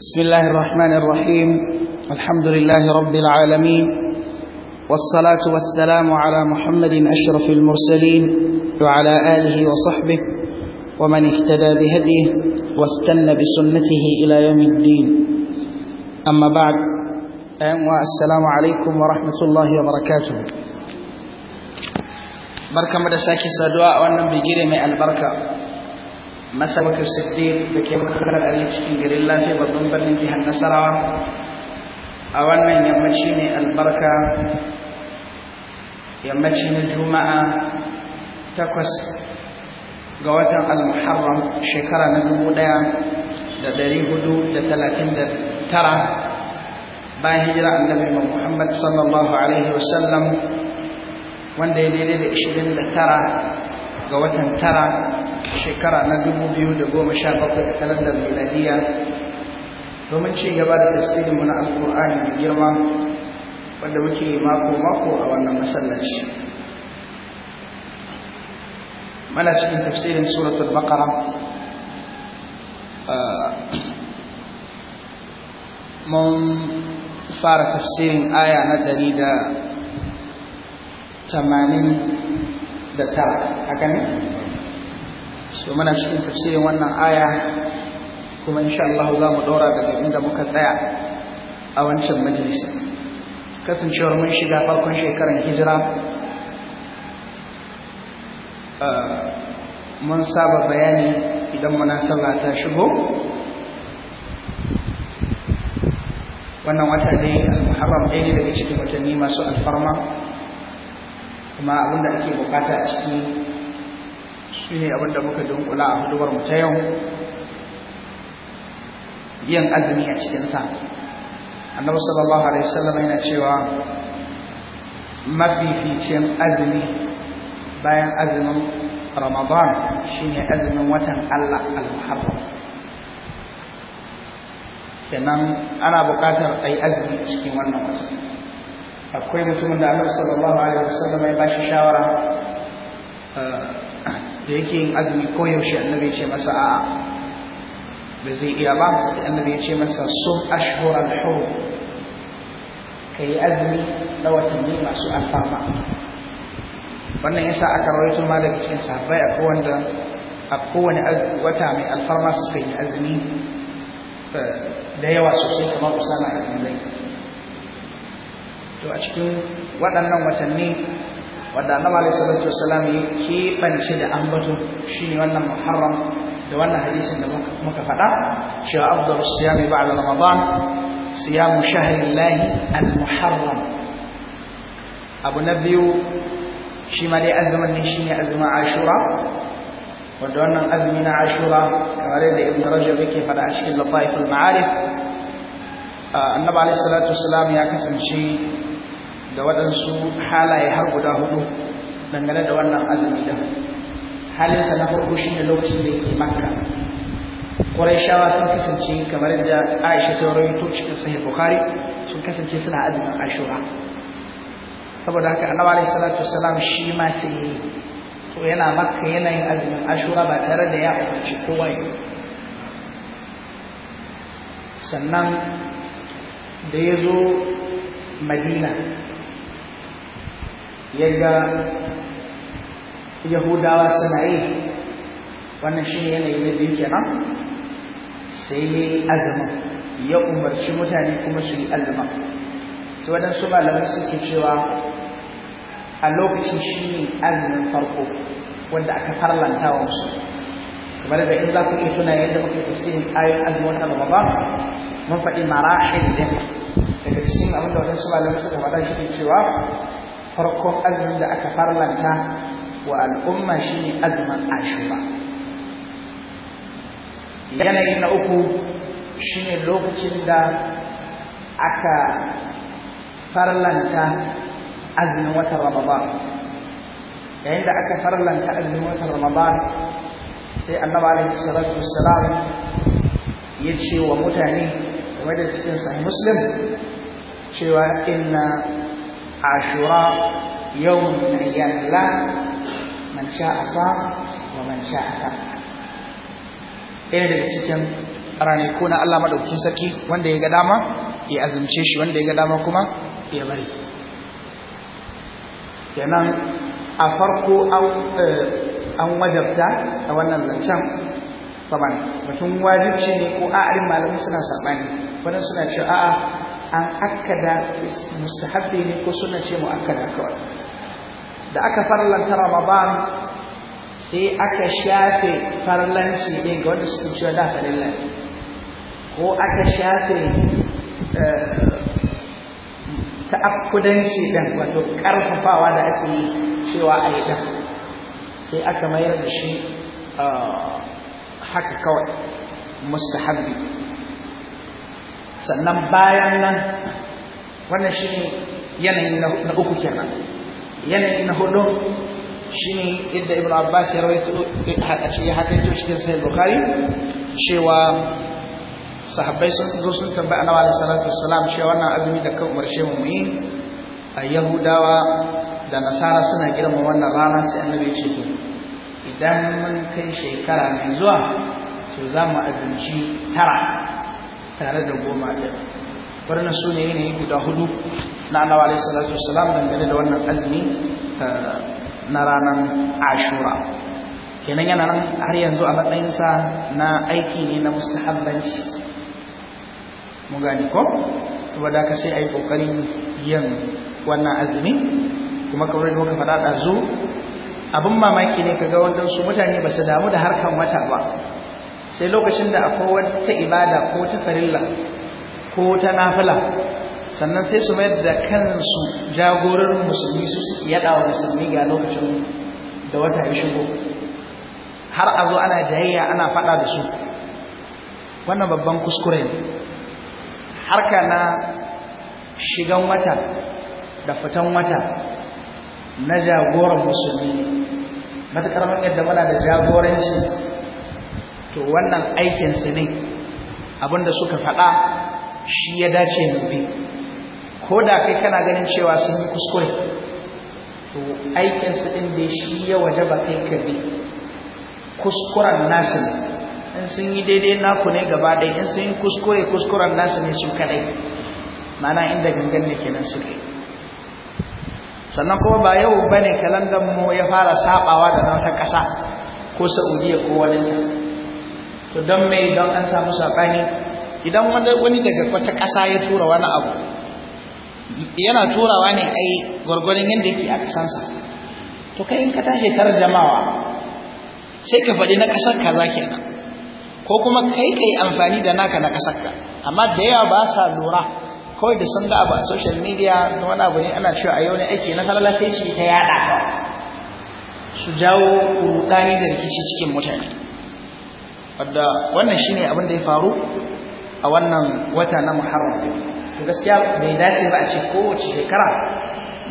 بسم الله الرحمن الرحيم الحمد لله رب العالمين والصلاة والسلام على محمد أشرف المرسلين وعلى آله وصحبه ومن اهتدى بهديه واستنى بسنته إلى يوم الدين أما بعد السلام عليكم ورحمة الله وبركاته بركة مدى ساكي سادواء وأنا بجرمي البركة masabakar siddiq da ke makarar ali cikin garin lafiya babban birnin jihar nasarawa a wannan yammaci ne albarka yammaci na juma'a takwas ga watan al-muharram shekara na dubu ɗaya da dari hudu da talatin da tara bayan hijira annabi muhammad sallallahu alaihi wasallam wanda ya daidai da ishirin da tara ga watan tara shekara na da sha 2017 a kalandar miladiya domin ci gaba da tafsirin na alkur'ani da girma wanda muke mako-mako a wannan masallaci mana cikin tafsirin suratul baqara mun fara tafsirin aya na dari da tamanin da tara haka ne so muna cikin tafsirin wannan aya kuma insha Allah za mu daura daga inda muka tsaya a wancan majalisi kasancewar mun shiga farkon shekaran hijira mun saba bayani idan muna sallah ta shigo wannan wata ne al ɗaya ne daga cikin watanni masu alfarma kuma abinda ake bukata a ciki ne abin da muka dunkula a hudubar mu ta yau yin azumi a cikinsa? sa annabi sallallahu alaihi wasallam yana cewa mafificin azumi bayan azumin ramadan shi ne azumin watan Allah al-muharram kenan ana buƙatar a ai azumi cikin wannan watan akwai mutumin da annabi sallallahu alaihi wasallam ya shi shawara eh, da yake yin azumi ko yaushe annabi ya ce masa a'a ba zai iya ba sai annabi ya ce masa sum ashhuran hurum yi azumi na watanni masu alfama wannan yasa aka rawaito ma daga cikin sahabbai akwai wanda a kowane wata mai alfarma suka yi azumi eh, da yawa sosai kamar usama ibn zaid to a cikin waɗannan watanni wanda annabi alaihi salatu wasallam ya keɓance da ambato shine wannan muharram da wannan hadisin da muka faɗa cewa afdalu siyami ba'da ramadan siyamu shahrillahi al-muharram abu na biyu shi ma dai azumin ne shine azumin ashura wanda wannan azumi na ashura kamar yadda ibn rajab yake faɗa a cikin lafaiful ma'arif annabi alaihi salatu wasallam ya kasance da waɗansu halaye har guda hudu dangane da wannan azumi din halinsa na farko shi ne lokacin da yake makka shawa sun kasance kamar yadda aisha ta to cikin sahi bukari, sun kasance suna azumin ashura saboda haka annabi alaihi salatu wasalam shi ma sai yi to yana makka yana yin azumin ashura ba tare da ya umarci kowa yi sannan da ya zo madina yaga yahudawa suna yi wannan shi ne yanayi na biyu kenan sai ya yi azumin ya umarci mutane kuma su yi azumin sai waɗansu malamai suke cewa a lokacin shi ne azumin farko wanda aka farlanta wa musu kamar da in za ku iya tuna yadda muke tafsirin ayoyin azumin gaba ba, mun faɗi marahil din daga cikin abin da waɗansu malamai suka faɗa shi ne cewa farkon azumin da aka farlanta wa al'umma shine azumin ashura yanayi na uku shine lokacin da aka farlanta azumin wata ramadan yayin da aka farlanta azumin watan ramadan sai annabi alaihi salatu ya ce wa mutane game da cikin sahih muslim cewa inna Ashura يوم من أيام الله من شاء wa ومن شاء ترك ɗaya daga cikin ranaku na Allah maɗaukin sarki wanda ya ga dama ya azumce shi wanda ya ga dama kuma ya bari kenan a farko an wajabta a wannan zancen saman mutum wajibci ne ko a'arin malamu suna saɓani wani suna ce a'a an akkada mustahabbi ne ko suna ce mu akkada kawai da aka farlanta ramadan sai aka shafe farlanci ne ga wanda suke cewa da halilla ko aka shafe eh, ta'akkudanci dan wato karfafawa da ake yi cewa a yi sai aka mayar da shi eh, haka kawai mustahabbi sannan bayan nan wannan shi ne yanayi na uku kenan yanayi na hudu shi ne yadda ibn abbas ya rawaito a haka hakaito cikin sai bukari cewa sahabbai sun zo sun tambaya na alaihi salatu wassalam cewa wannan azumi da kan umarshe mu yi a yahudawa da nasara suna girma wannan rana sai annabi ya ce to idan mun kai shekara mai zuwa to za mu azumci tara tare da goma ɗin wannan su ne yanayi guda hudu na annabi alaihi salatu wasalam dangane da wannan azumi eh, na ranar ashura kenan yana nan har yanzu a matsayinsa na aiki ne na mustahabbanci mu gani ko saboda ka sai a yi ƙoƙarin yin wannan azumi kuma kamar da muka faɗa ɗazu abin mamaki ne ka ga wanda su mutane ba su damu da harkan wata ba sai lokacin da akwai wata ibada ko ta farilla ko ta nafila sannan sai su mayar da kansu jagorar musulmi su yada wa musulmi ga lokacin da wata ya shigo har a zo ana jayayya ana fada da su wannan babban kuskure ne harka na shigan wata da fitan wata na jagoran musulmi Matukar mun yadda muna da jagoranci to wannan aikinsu ne abinda suka faɗa shi ya dace mu bi ko da kai kana ganin cewa sun yi kuskure to aikinsu ɗin da shi ya waje ba kai ka bi kuskuren nasu ne in sun yi daidai naku ne gaba ɗaya in sun yi kuskure kuskuren nasu ne su kaɗai mana inda gangan ne kenan su yi sannan kuma ba yau bane kalandar mu ya fara sabawa da na wata ƙasa ko Saudiya ko walinta to don mai don an samu sakani idan wani daga wata ƙasa ya tura wani abu yana turawa ne ai gwargwadon yadda yake a sa to kai in ka tashi kar sai ka faɗi na ƙasar ka za kenan ko kuma kai kai amfani da naka na ƙasar ka amma da yawa ba sa lura kawai da sun ga abu a social media da wani abu ne ana cewa a yau ne ake na falala sai shi ta yada su jawo rudani da rikici cikin mutane wadda wannan shine abin da ya faru a wannan wata na muharram to gaskiya bai dace ba a ce kowace shekara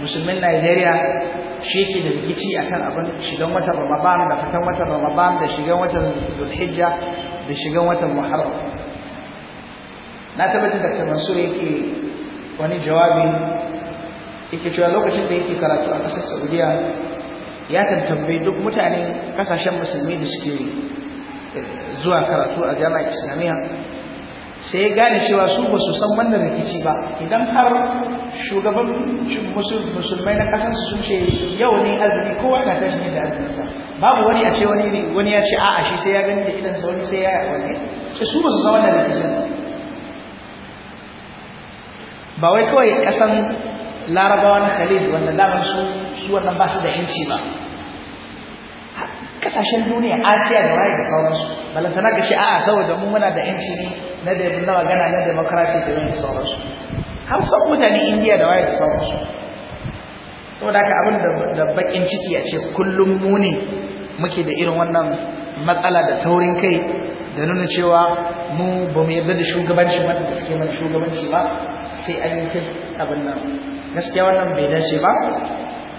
musulmin najeriya shi ke da rikici a kan abin shigan watan ramadan da fitan watan ramadan da shigan watan zulhijja da shigan watan muharram na tabbatar da mansur yake wani jawabi yake cewa lokacin da yake karatu a ƙasar saudiya ya tantambe duk mutanen ƙasashen musulmi da suke zuwa karatu a jami'ar islamiyya sai ya gane cewa su ba su san wannan rikici ba idan har shugaban musulmai na su sun ce yau ne azumi kowa na tashi da sa, babu wani a ce wani ya ce a'a shi sai ya gani da idansa wani sai ya yi wani sai su ba su san wannan rikicin ba wai kawai kasan larabawa na khalid wanda daman su wannan ba su da yanci ba kasashen duniya asiya da waye da sauransu balantana ka ce a'a saboda mu muna da yanci ne na da na magana na demokrasi da yin sauransu har san mutane indiya da waye da sauransu saboda haka abin da bakin ciki a ce kullum mu ne muke da irin wannan matsala da taurin kai da nuna cewa mu ba mu yarda da shugabanci ba da suke mana shugabanci ba sai an yi kai abin nan gaskiya wannan bai dace ba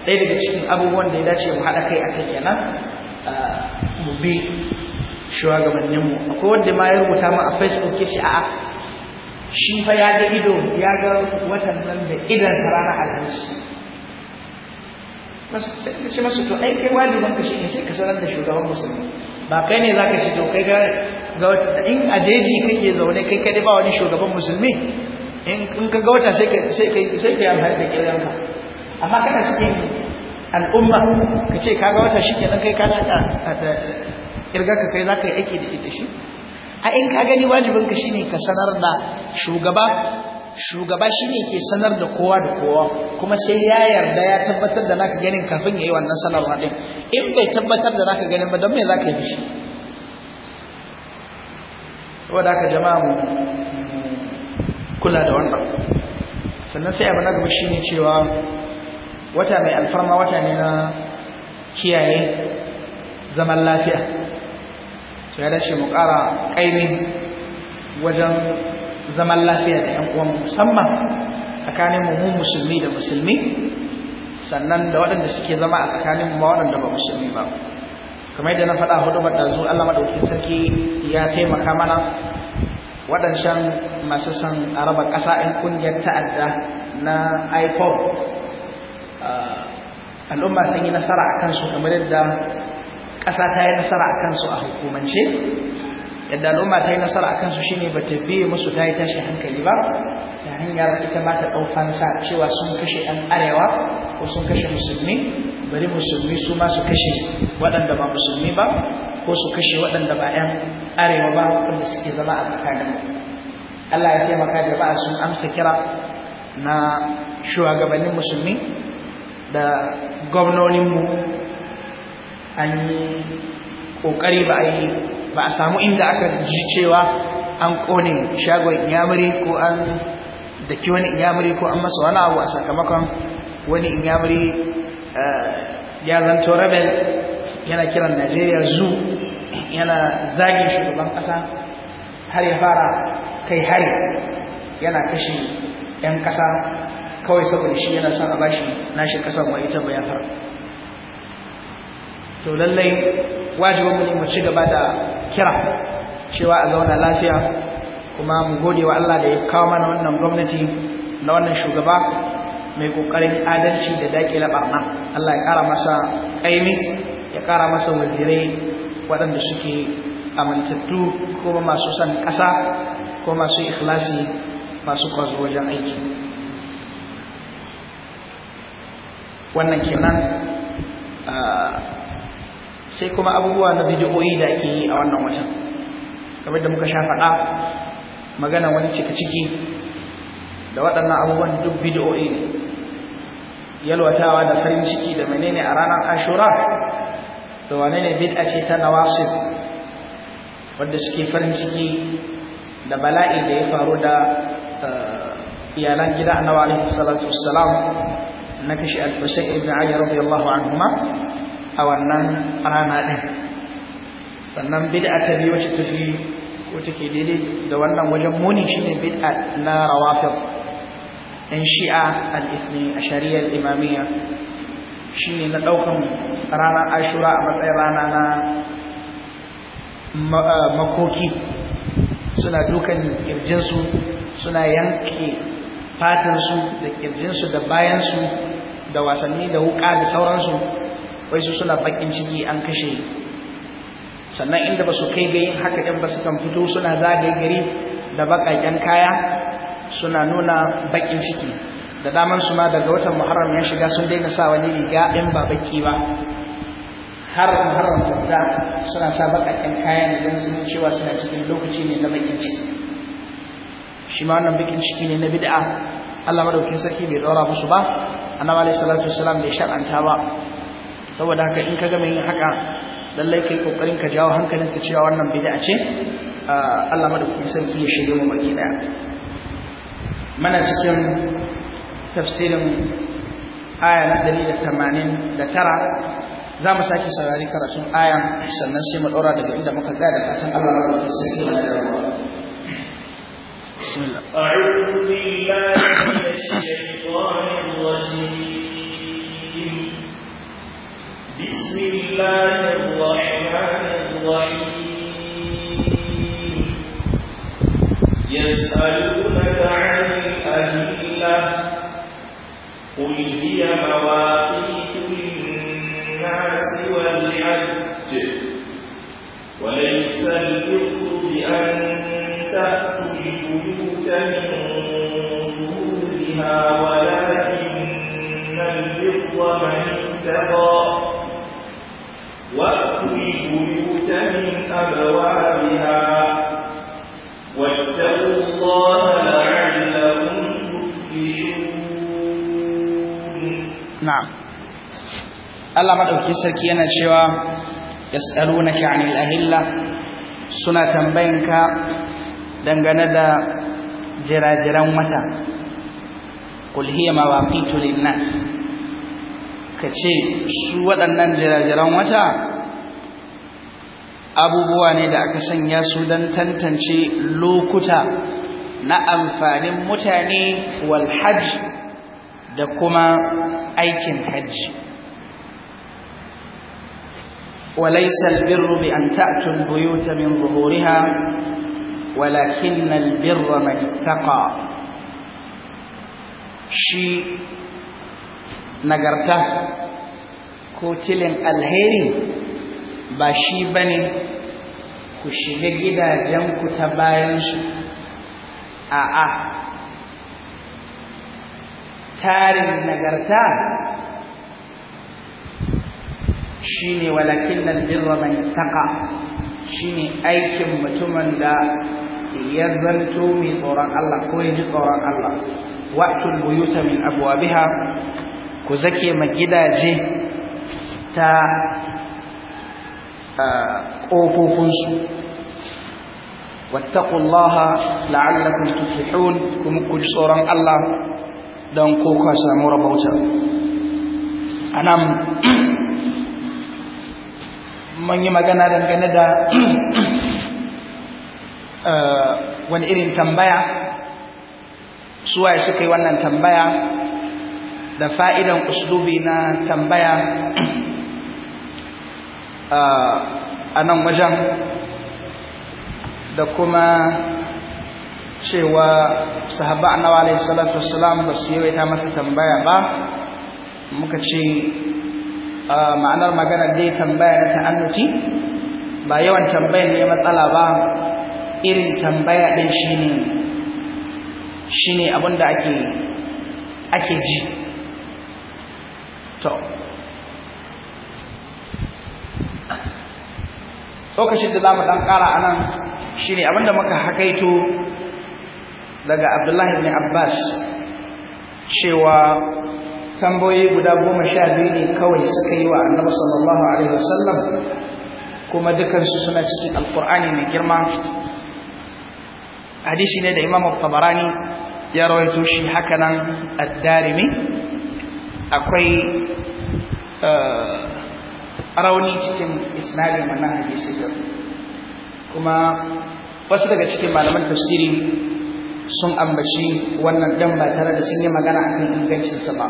ɗaya daga cikin abubuwan da ya dace mu haɗa kai a kai kenan mu bi shugabanninmu akwai wanda ma ya rubuta mu a facebook ya ce shi fa ya ga ido ya ga watan nan da idan sa ranar alhamis sai ce masu to ai kai waliban ka shi ne sai ka sanar da shugaban musulmi ba kai ne za ka to kai ga in a jeji kake zaune kai kai ba wani shugaban musulmi in ka ga wata sai ka yi amfani da ka amma kana cikin al'umma ka ce kaga wata shi kenan kai kana ta Irga ka kai za ka yi aiki da ita shi a in ka gani wajibin ka shine ka sanar da shugaba shugaba shine ke sanar da kowa da kowa kuma sai ya yarda ya tabbatar da naka ganin kafin ya yi wannan sanarwa din in bai tabbatar da naka ganin ba don me ka yi shi saboda aka jama'a mu kula da wannan sannan sai abu na gaba shine cewa wata mai alfarma wata ne na kiyaye zaman lafiya to ya dace mu ƙara ƙaimi wajen zaman lafiya da ‘yan uwan musamman tsakanin mu musulmi da musulmi sannan da waɗanda suke zama a tsakanin mu waɗanda ba musulmi ba kamar yadda na faɗa hudu da zu Allah madaukakin sarki ya taimaka mana waɗancan masu son araba ƙasa ‘yan ƙungiyar ta'adda na ipod Ah, al'umma sun yi nasara a kansu kamar yadda ƙasa ta yi nasara a kansu a hukumance yadda al'umma ta yi nasara a kansu shine ba ta biye musu ta yi tashi hankali ba ta hanyar ita ma ta ɗaufan sa cewa sun kashe ɗan arewa ko sun kashe musulmi bari musulmi su ma su kashe waɗanda ba musulmi ba ko su kashe waɗanda ba ‘yan arewa ba wanda suke zama a tsakanin Allah ya taimaka da sun amsa kira na shugabannin musulmi da gwamnoninmu an yi ƙoƙari ba a yi ba a samu inda aka ji cewa an ƙone shagon inyamuri ko an daki wani inyamuri ko an masa wani abu a sakamakon wani inyamuri eh, ya zanto rabin yana kiran najeriya zu yana zagin shugaban ƙasa har ya fara kai hari yana kashe 'yan ƙasa kawai saboda shi yana son a bashi nashi kasan wa ita bayan har to lallai wajibin mu ne mu ci gaba da kira cewa a zauna lafiya kuma mu gode wa Allah da ya kawo mana wannan gwamnati na wannan shugaba mai kokarin adalci da dakile barna Allah ya kara masa kaimi ya kara masa wazirai waɗanda suke amintattu kuma masu son ƙasa ko masu ikhlasi masu kwazo wajen aiki wannan kenan ah, sai kuma abubuwa na bidiyoyi da ake yi a wannan watan, kamar da muka sha faɗa magana wani cika ciki da waɗannan abubuwan duk bidiyoyi ne yalwatawa da farin ciki da menene a ranar ashura da wane ne bid'a ce ta nawasib wadda suke farin ciki da bala'i da ya faru da ah, iyalan gida annabi alaihi salatu wassalam na kashe al-Husayn ibn Ali radiyallahu anhuma a wannan rana din sannan bid'a ta biyu wacce ta fi ko take daidai da wannan wajen muni shine bid'a na rawafid ɗan shi'a al-ismi a shari'ar imamiyya shine na ɗaukan ranar ashura a matsayin rana na eh, makoki suna dukan kirjinsu suna yanke fatansu da kirjinsu da bayansu da wasanni da wuka da sauransu wai su suna bakin ciki an kashe sannan inda ba su kai ga yin haka ɗin ba su kan fito suna zagaye gari da baƙaƙen kaya suna nuna bakin ciki da daman su ma daga watan muharram ya shiga sun daina sa wani riga ɗin ba baki ba har muharram guda suna sa baƙaƙen kaya ne don sun cewa suna cikin lokaci ne na bakin ciki shi ma wannan bakin ciki ne na bid'a Allah madaukin sarki bai ɗora musu ba annabi alaihi salatu bai shar'anta ba saboda haka in ka ga mai haka lallai kai kokarin ka jawo sa cewa wannan bid'a ce Allah madaukakin sarki ya shige mu baki daya mana cikin tafsirin aya na tara za mu sake saurari karatun aya sannan sai mu ɗora daga inda muka tsaya da fatan Allah madaukakin sarki ya بسم الله أعوذ بالله من الشيطان الرجيم بسم الله الرحمن الرحيم يسألونك عن الأهلة قل هي مواقيت للناس والحج وليس البر بأن تأتوا اتقى وأتوا البيوت من واتقوا الله تفلحون Allah sarki yana cewa yas'alunaka 'anil ahilla suna tambayinka dangane da jirajiran wata qul hiya mawaqitu ka ce su waɗannan jirajiran wata abubuwa ne da aka sanya su don tantance lokuta na amfanin mutane walhaji da kuma aikin hajji وليس البر بأن تأتوا البيوت من ظهورها walakin البر من اتقى shi nagarta ko cilin alheri ba shi ba ne ku shiga gidajenku ta bayansu a'a tarin nagarta shine walakin albirra man shi shine aikin mutumin da ya zanto mai tsoron Allah ko ya ji tsoron Allah wa'tul buyuta min biha. ku zake ma gidaje ta ƙofofinsu wattaqullaha la'allakum tuflihun kuma ku ji tsoron Allah don ko ka samu rabauta nan, mun yi magana dangane da wani irin tambaya suwaye suka yi wannan tambaya da fa'idan uslubi na tambaya ah, a nan wajen da kuma cewa sahaba annawa alaihi salatu wassalam ba su yi ta masa tambaya ba muka ce ah, ma'anar maganar dai tambaya na ta'annuti ba yawan tambayar ne matsala ba irin tambaya ɗin shine ne abin da ake ji to lokacin da zamu dan kara anan shine abinda muka hakaito daga Abdullahi ibn Abbas cewa tamboyi guda goma sha biyu ne kawai suka yi wa annabi sallallahu alaihi wasallam kuma dukansu suna cikin alkur'ani mai girma hadisi ne da imam tabarani ya rawaito shi hakanan ad-darimi akwai Eh, rauni cikin isnadin wannan hadisi da kuma wasu daga cikin malaman tafsiri sun ambaci wannan dan ba tare da sun yi magana akan ingancinsa ba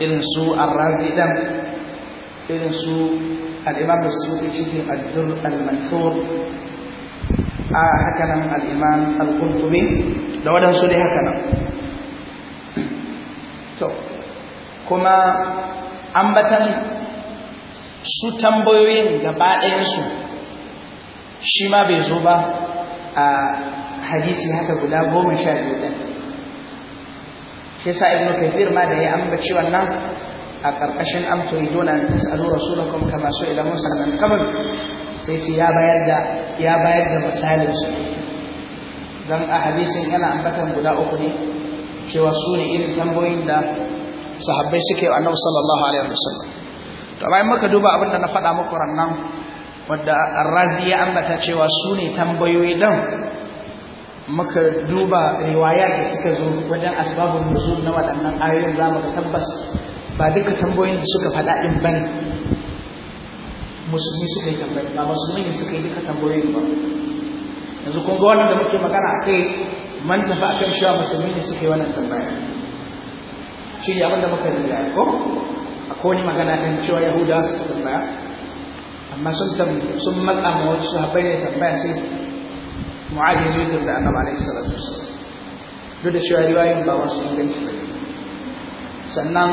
irin su arrabi dan irin su al'imam da su cikin addur al-mansur a hakanan al'imam al-kuntubi da waɗansu dai hakanan kuma ambatan su tambayoyin gaba ɗayansu shi ma bai zo ba a hadisi haka guda goma sha biyu ɗin shi sa ibn kafir ma da ya ambaci wannan a ƙarƙashin amtori dona na tsaro rasulakum kama su idan musa nan kamar sai ce ya bayar da ya bayar misalin su Don a hadisin yana ambatan guda uku ne cewa su ne irin tambayoyin da sahabbai suke wa annabi sallallahu alaihi wasallam to bayan muka duba abin da na faɗa muku rannan wadda ar-razi ya ambata cewa su ne tambayoyi dan muka duba riwaya da suka zo wajen asbabun nuzul na waɗannan ayoyin za mu tabbas ba duka tambayoyin da suka faɗa ɗin ba ne musulmi suka yi tambayi ba musulmi ne suka yi duka tambayoyin ba yanzu kun ga wannan da muke magana a kai man tafi akan cewa musulmi ne suka yi wannan tambayoyin shi ne abinda muka ya ko akwai wani magana ɗin cewa yahuda su tambaya amma sun sun matsa ma wasu sahabbai ne tambaya sai mu'adi ya zuwa da annabi alaihi salatu wasallam duk da cewa riwayoyin ba wasu inganci ba sannan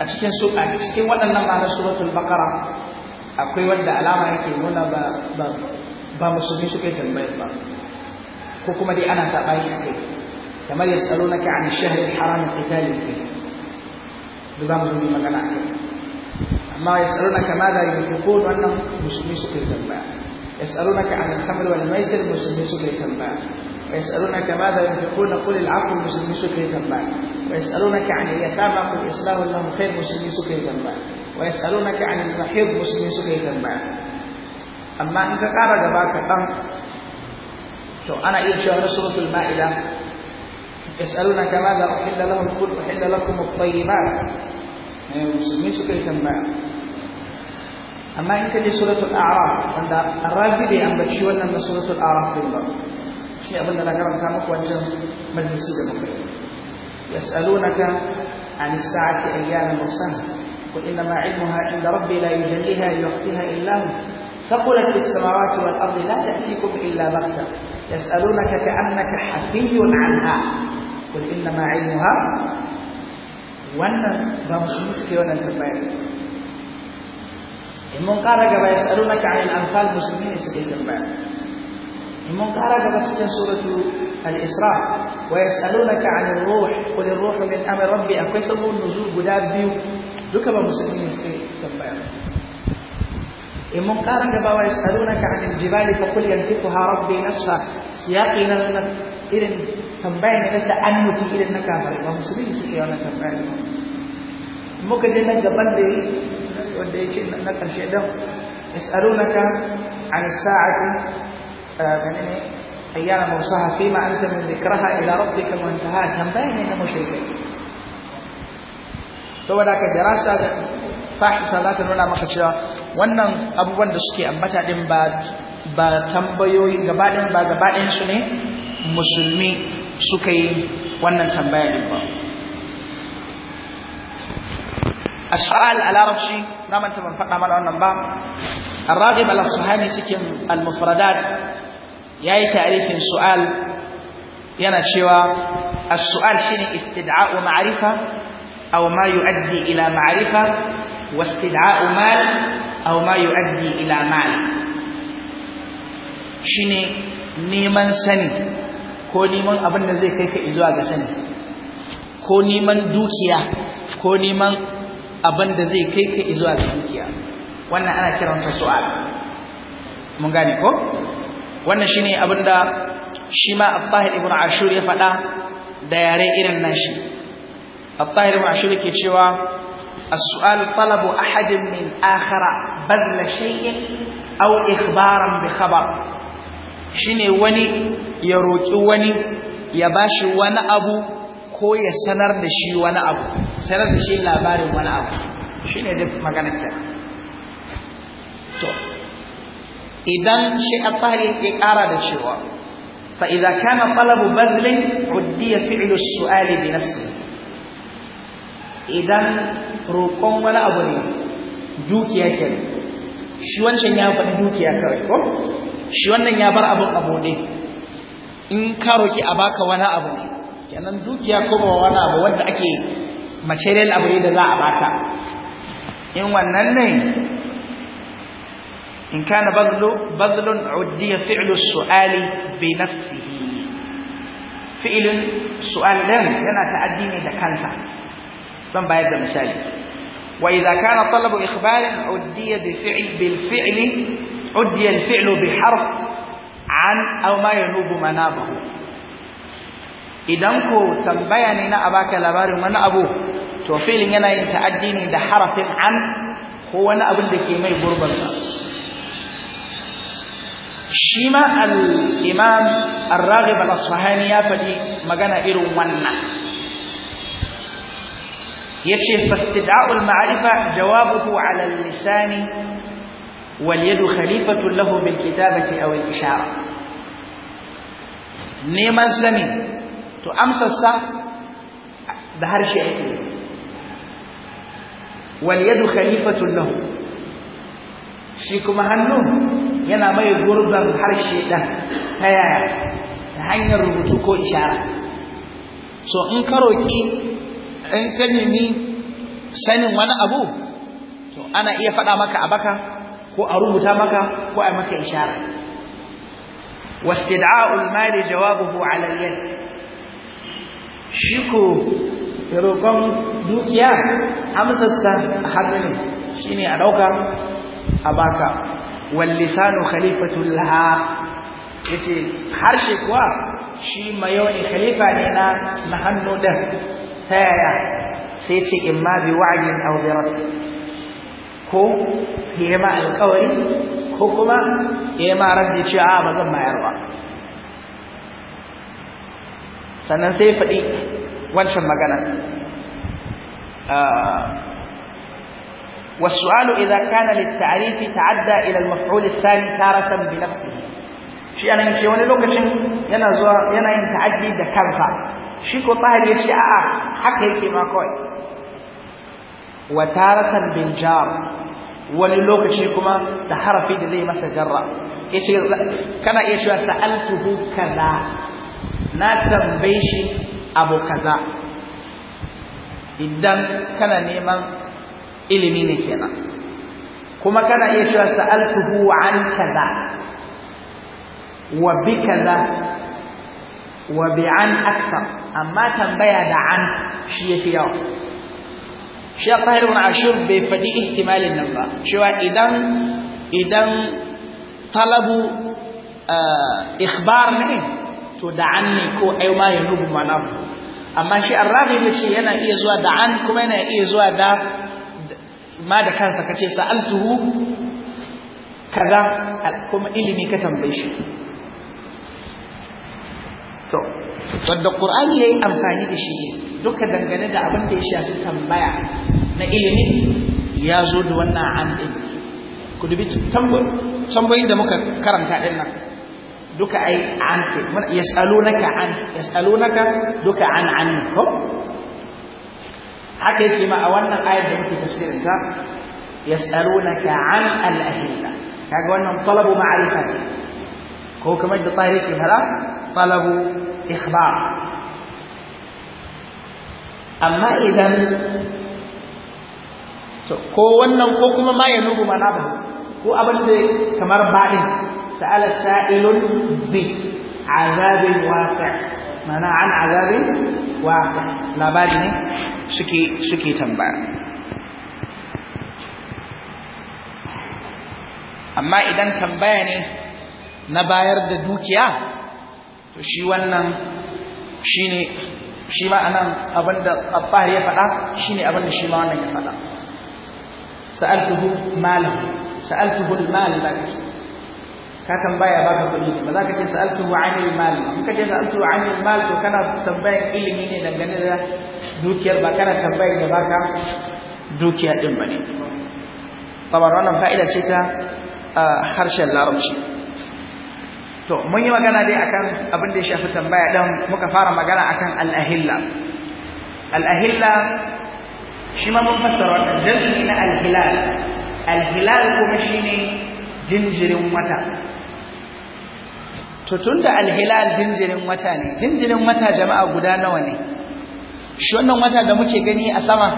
a cikin su a cikin waɗannan ma na suratul baqara akwai wanda alama yake nuna ba ba ba musulmi suke tambayar ba ko kuma dai ana saɓani a kai كما يسألونك عن الشهر الحرام قتال فيه بضم من مكان أما يسألونك ماذا ينفقون أنهم مسلمين سكر جنبا يسألونك عن الخمر والميسر مسلمين سكر جنبا ويسألونك ماذا ينفقون قل العفو مسلمين سكر جنبا ويسألونك عن اليتامى قل إصلاح لهم خير مسلمين سكر جنبا ويسألونك عن المحيض مسلمين سكر جنبا أما أنت قال جباك قم to ana iya cewa na يسألونك ماذا أحل لهم قل أحل لكم الطيبات ما يسميش كي أما إنك لي سورة الأعراف عند الراجل أن بتشوى لنا سورة الأعراف في الله شيء أظن أنا قرأت كامك وأنجم مجلس المخير يسألونك عن الساعة أيام المرسلة قل إنما علمها عند ربي لا يجليها لوقتها إلا هو فقلت في السماوات والأرض لا تأتيكم إلا بغتة يسألونك كأنك حفي عنها قل انما علمها وان بمسوس كيون الكفاية إمون كارجا ويسألونك عن الأنفال المسلمين سبيل الكفاية إمون كارجا بسجا سورة الإسراء ويسألونك عن الروح قل الروح من أمر ربي أكسبوا النزول قداد بيو دوكا بمسلمين سبيل الكفاية إمون كارجا ويسألونك عن الجبال فقل ينفقها ربي نسفا يقينا لنا إذن Tambaya ne da an mutu idan na kamar ba musulmi suke wannan tambayar ne muka je na gaban da wanda ya ce na karshe dan yas'alunaka an sa'ati eh, menene ayyana mawsaha fima anta da dhikraha ila rabbika ha tambaya ne na mushrikai saboda ka darasa da fahisa za nuna maka cewa wannan abubuwan da suke ambata din ba ba tambayoyi gabaɗin ba gabaɗin su ne musulmi suka wannan tambaya ba. A sha’al a larabci, ban faɗa mana wannan ba, a ragin al’asuhani cikin al ya yi ta’arifin su’al yana cewa, a su’al shi ne istida’u ma’arifa, a ma yu’addi ila ma’arifa, wa istida’u mal, a ma yu’addi ila mal. Shi ne neman sani. ko neman abin da zai kai ka zuwa ga sani ko neman dukiya ko neman abin da zai kai ka zuwa ga dukiya wannan ana kiransa su'al mun gane ko wannan shine abin da shi ma Abdahir ibn Ashur ya faɗa da yare irin nashi Abdahir ibn Ashur ke cewa السؤال طلب أحد من آخر بذل شيء أو إخبارا بخبر shine wani ya roƙi wani ya bashi wani abu ko ya sanar da shi wani abu sanar da shi labarin wani abu shine duk magana ta to idan shi a tsari ya ƙara da cewa fa idza kana talabu badlin uddiya fi'lu as-su'ali bi nafsi idan roƙon wani abu ne dukiya kenan shi wancan ya faɗi dukiya kawai ko shi wannan ya bar abin abu ne in ka roki a baka wani abu kenan dukiya ko ba wani abu wanda ake material abu ne da za a baka in wannan ne in kana bazlu bazlun uddiya fi'lu su'ali bi nafsihi fi'ilin su'al din yana ta'addi ne da kansa zan bayar da misali wa idza kana talabu ikhbarin uddiya bi fi'l bil fi'li عدي الفعل بحرف عن أو ما ينوب منابه idan ko tambaya ne na abaka labarin wani abu to filin yana yin ta'addi da harafin an ko wani abin da ke mai gurbansa shi ma al-imam ar asfahani ya faɗi magana irin wannan yace fastida'ul ma'rifa jawabuhu 'ala al-lisani wal khalifatun lahu bil kitabati aw al ishara neman sani to amsarsa da harshe ake khalifatun lahu shi kuma hannu yana mai gurbin harshe ɗan ta ta hanyar rubutu ko ishara so in ka roƙi in ka nemi sanin wani abu to ana iya faɗa maka a baka ko a rubuta maka ko a maka ishara wastid'a'ul mali jawabuhu 'ala al-yad shi roƙon dukiya amsarsa hannu ne shine a dauka a baka wal lisanu khalifatul laha yace harshe kuwa shi mayoni khalifa ne na na hannu da ta yaya sai ce imma bi wa'din aw bi ko hema alkawari ko kuma hema rabbi ce a ba zan mayarwa sannan sai faɗi wancan والسؤال إذا كان للتعريف تعدى إلى المفعول الثاني تارة بنفسه شيء أنا نشي وانا لو قلت ينا زوا ينا ينتعدي دكان صار شيء كطاهر يشي آه حكي كي ما كوي وتارة بالجار wani lokaci kuma ta harafi da zai masa jarra yace kana iya cewa sa'altuhu kaza na tambaye shi abu kaza idan kana neman ilimi ne kenan kuma kana iya cewa sa'altuhu an kaza wa bi kaza wa bi an akthar amma tambaya da an shi yafi yawa shi Tahir ibn Ashur bai faɗi ihtimalin nan ba cewa idan idan talabu eh, ikhbar ne to da anni ko ai ma yanubu amma shi arrabi ne shi yana iya zuwa da an kuma yana iya zuwa da ma da kansa kace sa'altuhu kaza kuma ilimi ka tambaye shi to wanda qur'ani yayi amfani da shi duka dangane da abin da ya shafi tambaya na ilimi ya zo da wannan an ɗin ku dubi tambayin da muka karanta ɗin nan duka ai an ɗin yasalunaka an yasalunaka duka an an ko haka yake ma a wannan ayar da muke tafsirin ta yasalunaka an al kaga wannan talabu ma'rifa ko kamar da ke hala talabu ikhbar amma idan ko wannan ko kuma ma ya nubu ba ko abin da kamar ba'in sa'ala sa'ilun bi azabin waqi mana an azabin waqi labari ne suke shike tambaya amma idan tambaya ne na bayar da dukiya to shi wannan shine shi ma anan abinda abbahar ya faɗa shi ne abinda shi ma wannan ya faɗa sa'altuhu malahu sa'altuhu al-mal laki ka tambaya baka kuɗi ba za ka ce sa'altuhu anil mal in ka ce sa'altuhu anil mal to kana tambayan ilimi ne dangane da dukiyar ba kana tambayar da baka dukiya din ne. kamar wannan fa'ida ce ta ah, harshen larabci to mun yi magana dai akan abin da ya shafi tambaya dan muka fara magana akan al-ahilla al-ahilla shi ma mun fassara wannan jami'i na al-hilal al-hilal kuma jinjirin wata to tunda al-hilal jinjirin wata ne jinjirin wata jama'a guda nawa ne shi wannan wata da muke gani a sama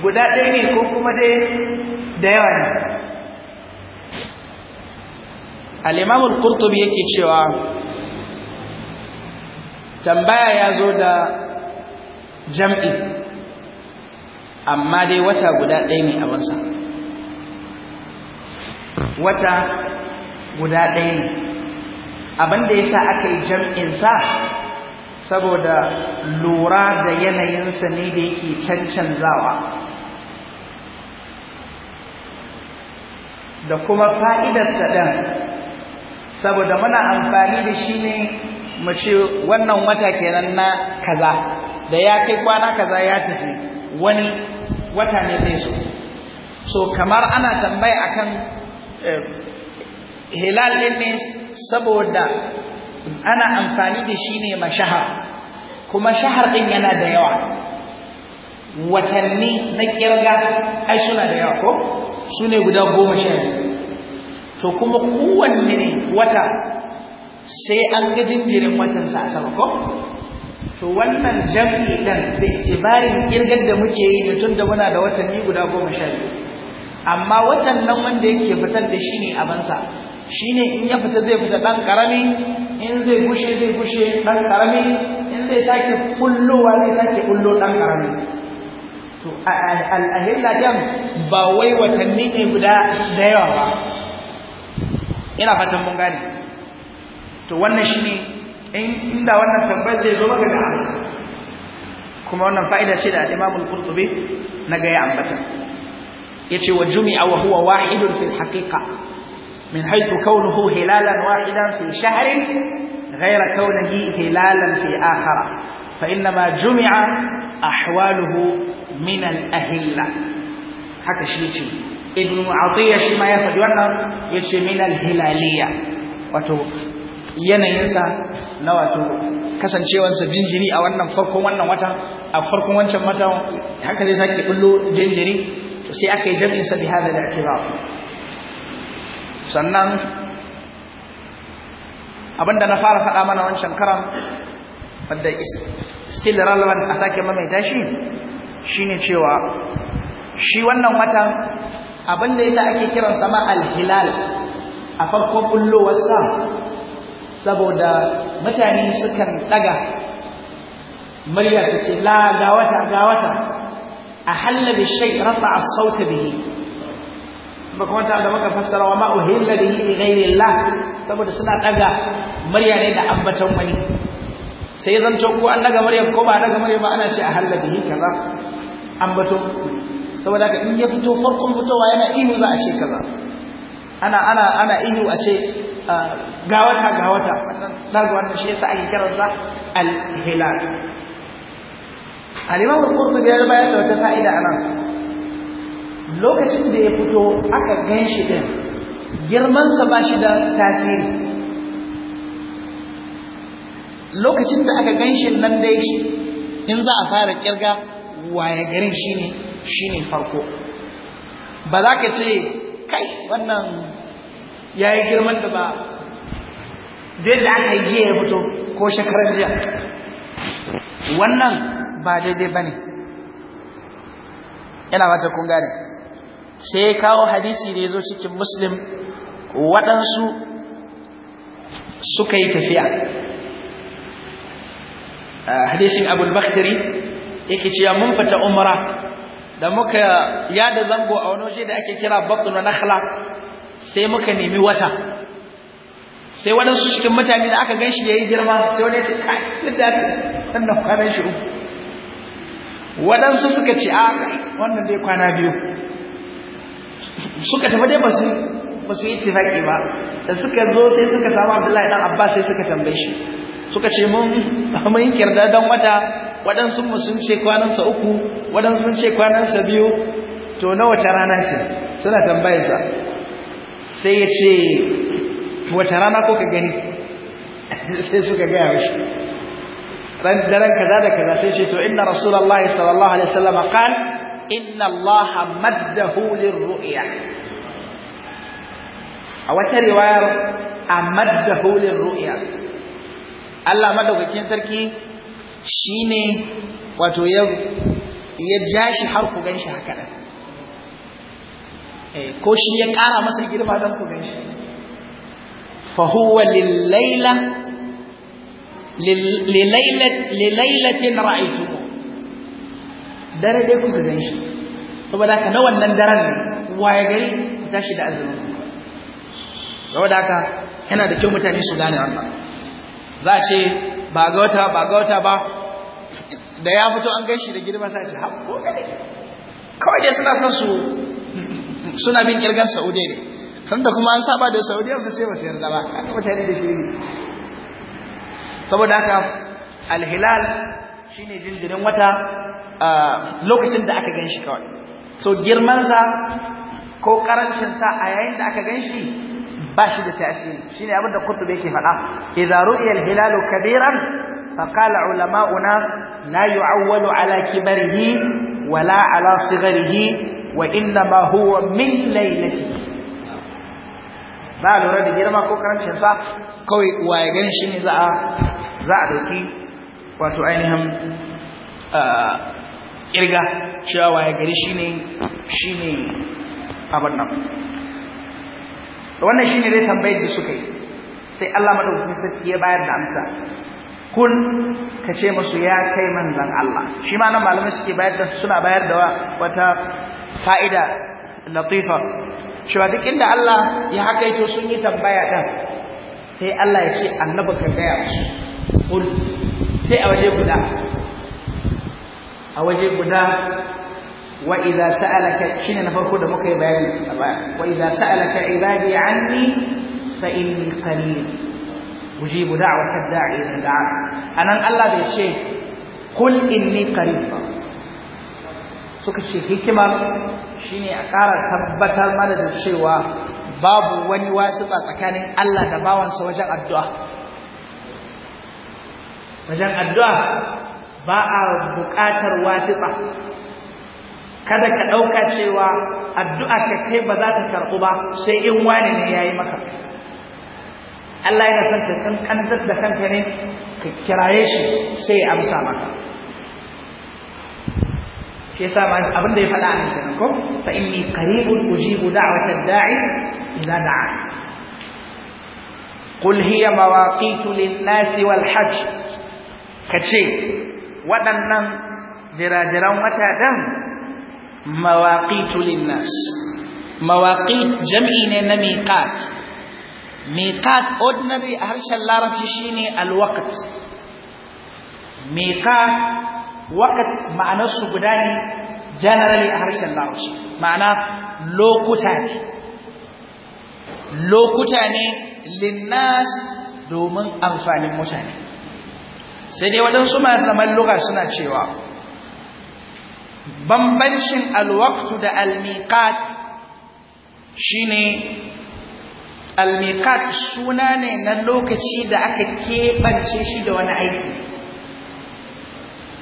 guda ɗaya ne ko kuma dai da yawa ne al-imam al-qurtubi yake cewa tambaya ya zo da jam'i amma dai wata guda ɗaya ne a wansa wata guda ɗaya ne abinda ya sa aka yi jam'in sa, saboda lura da yanayinsa ne da yake cancanzawa da kuma fa'idarsa dan. saboda muna amfani da shi ne mu ce wannan wata kenan na kaza da ya kai kwana kaza ya tafi wani wata ne zai so so kamar ana tambaya akan eh, hilal din ne saboda ana amfani da shi ne mashahar kuma shahar din yana da yawa watanni na kirga ai suna da yawa ko su ne guda goma sha biyu to kuma kowanne wata sai an ga jinjirin watan a sama ko to wannan jam'i dan da itibarin kirgar da muke yi ne tun muna da watanni guda goma sha amma watan nan wanda yake fitar da shi ne abansa shi ne in ya fita zai fita ɗan ƙarami in zai gushe zai gushe ɗan ƙarami in zai sake kullowa zai sake kullo ɗan ƙarami to al'ahilla jam ba wai watanni ne guda da yawa ba ina fatan mun gane to wannan shine in inda wannan tambayar zai zo maka da amsa kuma wannan fa'ida ce da Imam Al-Qurtubi na ga ya ambata yace wa jumi'a wa huwa wahidun fil haqiqa min haythu kaunuhu hilalan wahidan fi shahrin ghayra kaunihi hilalan fi akhara fa ma jumi'a ahwaluhu min al-ahilla haka shi ce ibn Atiyya shi ma ya faɗi wannan yace min al-hilaliya wato yanayinsa na wato kasancewansa jinjiri a wannan farkon wannan wata, a farkon wancan mata haka dai sake bullo jinjiri to sai aka yi jami'in sa bi hada da akiba sannan abinda na fara faɗa mana wancan karan wanda still relevant a sake mamaita shi shine cewa shi wannan watan abin da ya sa ake kiran sama ma a farkon bullowar sa saboda mutane sukan ɗaga murya ta ce la ga wata ga wata a hallabi shai rafa as-saut bihi ba da maka fassara wa ma uhilla bihi li ghairi Allah saboda suna ɗaga murya ne da ambaton wani sai zanto ko an daga murya ko ba daga murya ba ana ce a hallabi kaza ambaton saboda ka in ya fito farkon fitowa yana ihu za a ce kaza ana ana ana ihu a ce ah, ga wata ga wata na ga wannan shi yasa ake kiran sa al-hilal alima imam al-qurtubi ya bayar da wata fa'ida anan lokacin da ya fito aka gan shi din girman sa ba shi da tasiri lokacin da aka gan shi nan dai shi in za a fara kirga waye garin shi ne shine farko ba za ka ce kai wannan ya yi girman da ba da aka yi jiya ya fito ko shekarar jiya wannan ba daidai ba ne ina wata kunga ne sai kawo hadisi da ya zo cikin muslim waɗansu suka yi tafiya hadisin bakhtari yake cewa mun fita umara da muka yada zango a wani waje da ake kira na nakhla sai muka nemi wata sai su cikin mutane da aka ganshi yayi girma sai wani ya ce kai da wannan kwana shi uku su suka ce a wannan dai kwana biyu suka tafi dai basu basu yi tifaki ba da suka zo sai suka samu Abdullahi dan Abbas sai suka tambaye shi suka ce mun mun kirda dan wata waɗansu sun ce kwanansa uku waɗansu sun ce kwanansa biyu to na wata rana ce suna tambayarsa sai ya ce wata rana ko ka gani sai suka gaya mashi ran daren kaza da kaza sai ce to inna rasulullahi sallallahu alaihi wasallam qala inna allaha maddahu lirru'ya a wata riwayar amaddahu lirru'ya Allah madaukakin sarki Shi ne wato ya ya ja shi har ku ganshi haka nan eh, ko shi ya ƙara masa girma don ku ganshi fa huwa lil layla lil laylat lil dare dai kuka ganshi saboda haka na wannan daren ya gari ku tashi da azumin saboda haka yana da kyau mutane su gane wannan za a ce ba ga wata ba ga wata ba da ya fito an gaishe da girma sai ce ha, ko ne kawai dai suna son su suna bin kirgan Saudiya ne tunda kuma an saba da Saudiya su sai ba su yarda ba an ga mutane da shiri saboda haka alhilal shine jinjirin wata lokacin da aka ganshi kawai so girman sa ko karancin sa a yayin da aka ganshi ba shi da tasiri shine abin da Qurtubi yake faɗa idza ru'ya al-hilalu kabiran fa qala ulama'una la yu'awwalu ala kibarihi wala ala sigharihi wa innama huwa min laylatihi ba lura da girma ko karancin sa kawai waye gani shine za a za a dauki wato ainihin kirga cewa waye gari shine shine abin nan wannan shine dai tambayar da suka yi sai Allah madaukakin sarki ya bayar da amsa kun ka ce musu ya kai manzon Allah shi ma nan malamai suke bayar da suna bayar da wata fa'ida latifa cewa duk inda Allah ya hakaito sun yi tambaya din sai Allah ya ce annabi ka gaya musu Kun sai a waje guda a waje guda wa idza sa'alaka shine na farko da muka yi bayani a baya wa idza sa'alaka ibadi anni fa inni qareeb ujibu da'wata da'i idza da'a anan Allah bai ce qul inni qareeb suka ce hikimar shine a ƙara tabbatar mana da cewa babu wani wasiƙa tsakanin Allah da bawansa wajen addu'a wajen addu'a ba a buƙatar wasiƙa kada ka ɗauka cewa addu'a ka kai ba za ta karɓu ba sai in wani ne ya yi maka Allah yana son ka san kantar da kanka ne ka kiraye shi sai ya amsa maka Ke yasa ma abin da ya faɗa a nan ko fa inni qaribun ujibu da'watad da'i idza da'a qul hiya mawaqitu lin-nasi wal hajj kace waɗannan jirajiran wata dan mawaqitu linnas mawaqit jam'i ne na miƙat, miƙat ordinary a harshen larabci shine alwaqt miqat waqt ma'anar ma'anarsu guda ne generally a harshen larabci ma'ana lokuta ne lokuta ne linnas domin amfanin mutane sai dai waɗansu masu zaman lura suna cewa bambancin alwaktu da almiqat shine almiqat suna ne na lokaci da aka keɓance shi da wani aiki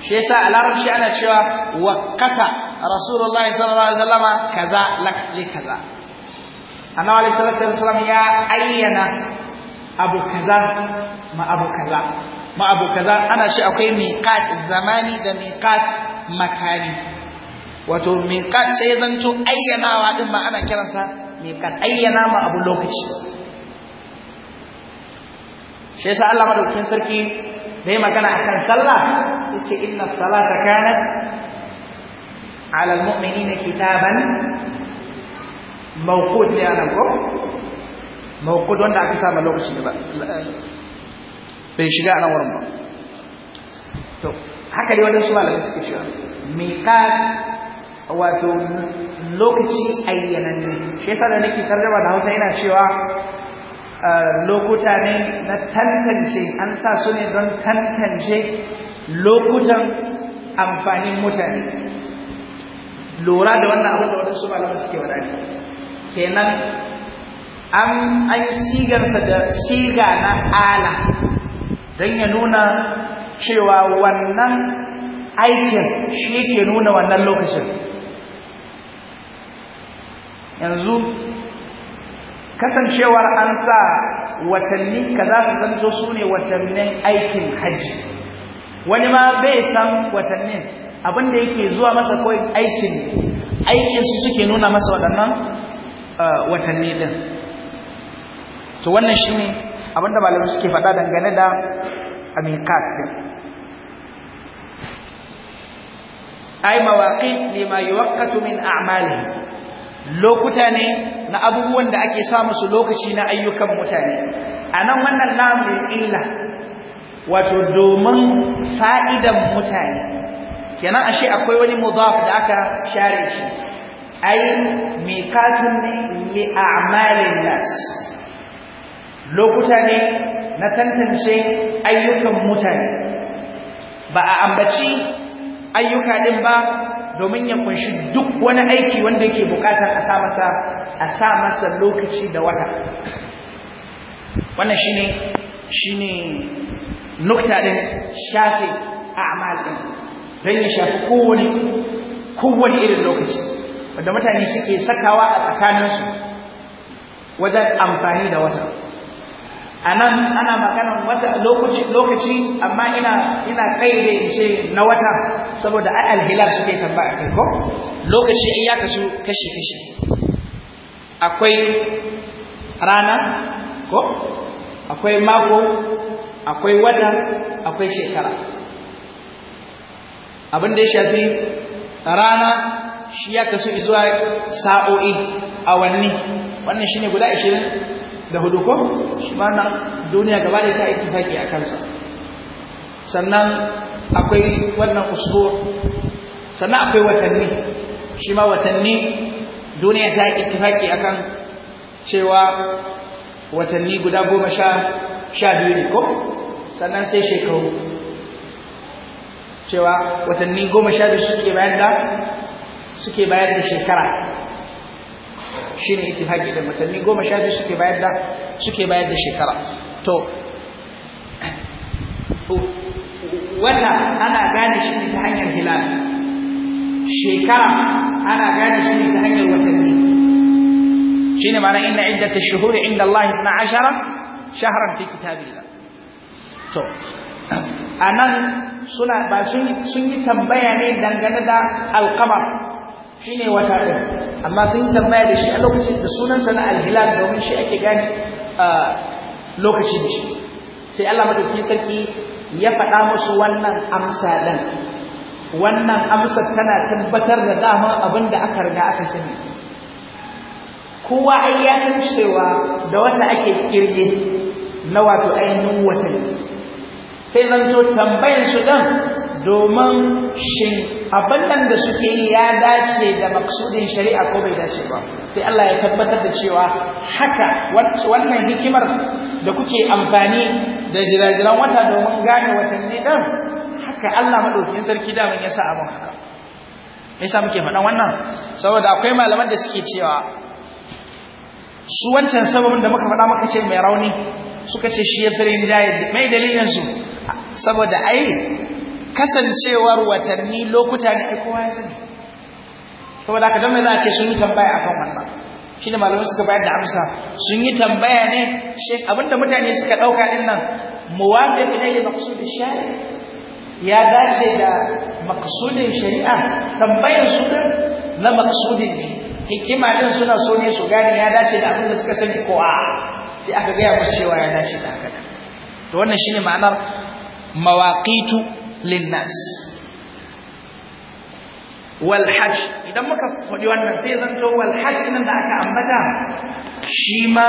shi yasa a larabci ana cewa wakkata rasulullah sallallahu alaihi wasallam kaza li kaza annabi sallallahu alaihi wasallam ya ayyana abu kaza ma abu kaza ma abu kaza ana shi akwai miqat zamani da miqat makani wato miqat sai zanto ayyanawa din ma ana kiransa miqat ayyana ma abu lokaci shi yasa Allah madaukakin sarki dai magana akan sallah yace inna salata kanat ala almu'minina kitaban mawqut ne anan ko mawqut wanda aka sama lokaci ba bai shiga anan wurin ba to haka dai wadansu da suke cewa miqat wato lokaci ne shi yasa da nake tarjaba da Hausa yana cewa eh, lokuta ne na tantance an sa su ne don tantance lokutan amfanin mutane lura da wannan abin da wadansu malamai suke ne kenan an an sigarsa da siga na ala don ya nuna cewa wannan aikin shi yake nuna wannan lokacin yanzu kasancewar an sa watanni kaza su zanto su ne watannin aikin hajji wani ma bai san watannin abinda yake zuwa masa kawai aikin aikin su suke nuna masa waɗannan uh, watanni ɗin to wannan shi ne abinda malamai suke faɗa dangane da amikat ɗin ai mawaqit lima yuwaqqatu min a'mali lokuta ne na abubuwan da ake sa musu lokaci na ayyukan mutane anan wannan lamu illa wato domin fa'idan mutane kenan ashe akwai wani mudaf da aka share shi ai miqatun li a'mali nas lokuta ne na tantance ayyukan mutane ba a ambaci ayyuka din ba domin ya kunshi duk wani aiki wanda yake bukatar a sa masa a sa masa lokaci da wata wannan shine shine nukta din shafi a'mal din dan ya shafi kowani kowani irin lokaci wanda mutane suke sakawa a tsakaninsu wajen amfani da wata a nan ana magana wata lokaci lokaci amma ina ina kaide in ce na wata saboda ai alhilal suke tambaya kai ko lokaci in ya kasu kashi kashi akwai rana ko akwai mako akwai wata akwai shekara abin da ya shafi rana shi ya kasu zuwa sa'o'i awanni wannan shine guda 20 da hudu ko shi na duniya gaba da ta ittifaki a kansa sannan akwai wannan usbu sannan akwai watanni shi ma watanni duniya ta ittifaki akan cewa watanni guda goma sha sha biyu ne ko sannan sai shekaru cewa watanni goma sha biyu suke bayar da suke bayar da shekara shine ittifaqi da watanni goma sha biyu suke bayar da suke bayar da shekara to wata ana gane shi ne ta hanyar hilal shekara ana gane shi ne ta hanyar watanni shine ina inna ta shuhuri inda Allah ya suna 12 shahran fi kitabillah to nan suna ba sun yi tambaya ne dangane da alqamar ne wata din amma sun yi tambaya da shi a lokacin da sunansa na alhilal domin shi ake gane lokaci da shi sai Allah madauki sarki ya faɗa musu wannan amsa ɗin wannan amsar tana tabbatar da dama abin da aka riga aka sani kowa ai ya san cewa da wanda ake kirge na wato ainihin watanni sai zan zo tambayan su ɗan domin shin abin da suke yi ya dace da maksudin shari'a ko bai dace ba sai Allah ya tabbatar da cewa haka wannan hikimar da kuke amfani da jirajiran wata domin gane watanni ɗan haka Allah maɗaukin sarki daman ya sa abin haka me yasa muke faɗan wannan saboda akwai malaman da suke cewa su wancan sababin da muka faɗa maka ce mai rauni suka ce shi ya fi rinjaye mai dalilin su saboda ai kasancewar watanni lokuta ne kowa ya sani saboda haka dan mai za a ce sun yi tambaya akan wannan ne malamai suka bayar da amsa sun yi tambaya ne shi abinda mutane suka dauka din nan muwafiq ne yi maqsud shari'a ya dace da maqsudin shari'a tambayar su din na maqsudin ne hikima din suna so ne su gane ya dace da abinda suka sani ko a sai aka ga ya musu cewa ya dace da haka to wannan shine ma'anar mawaqitu linnas wal hajj idan muka faɗi wannan sai zanto wal hajj nan da aka ambata shi ma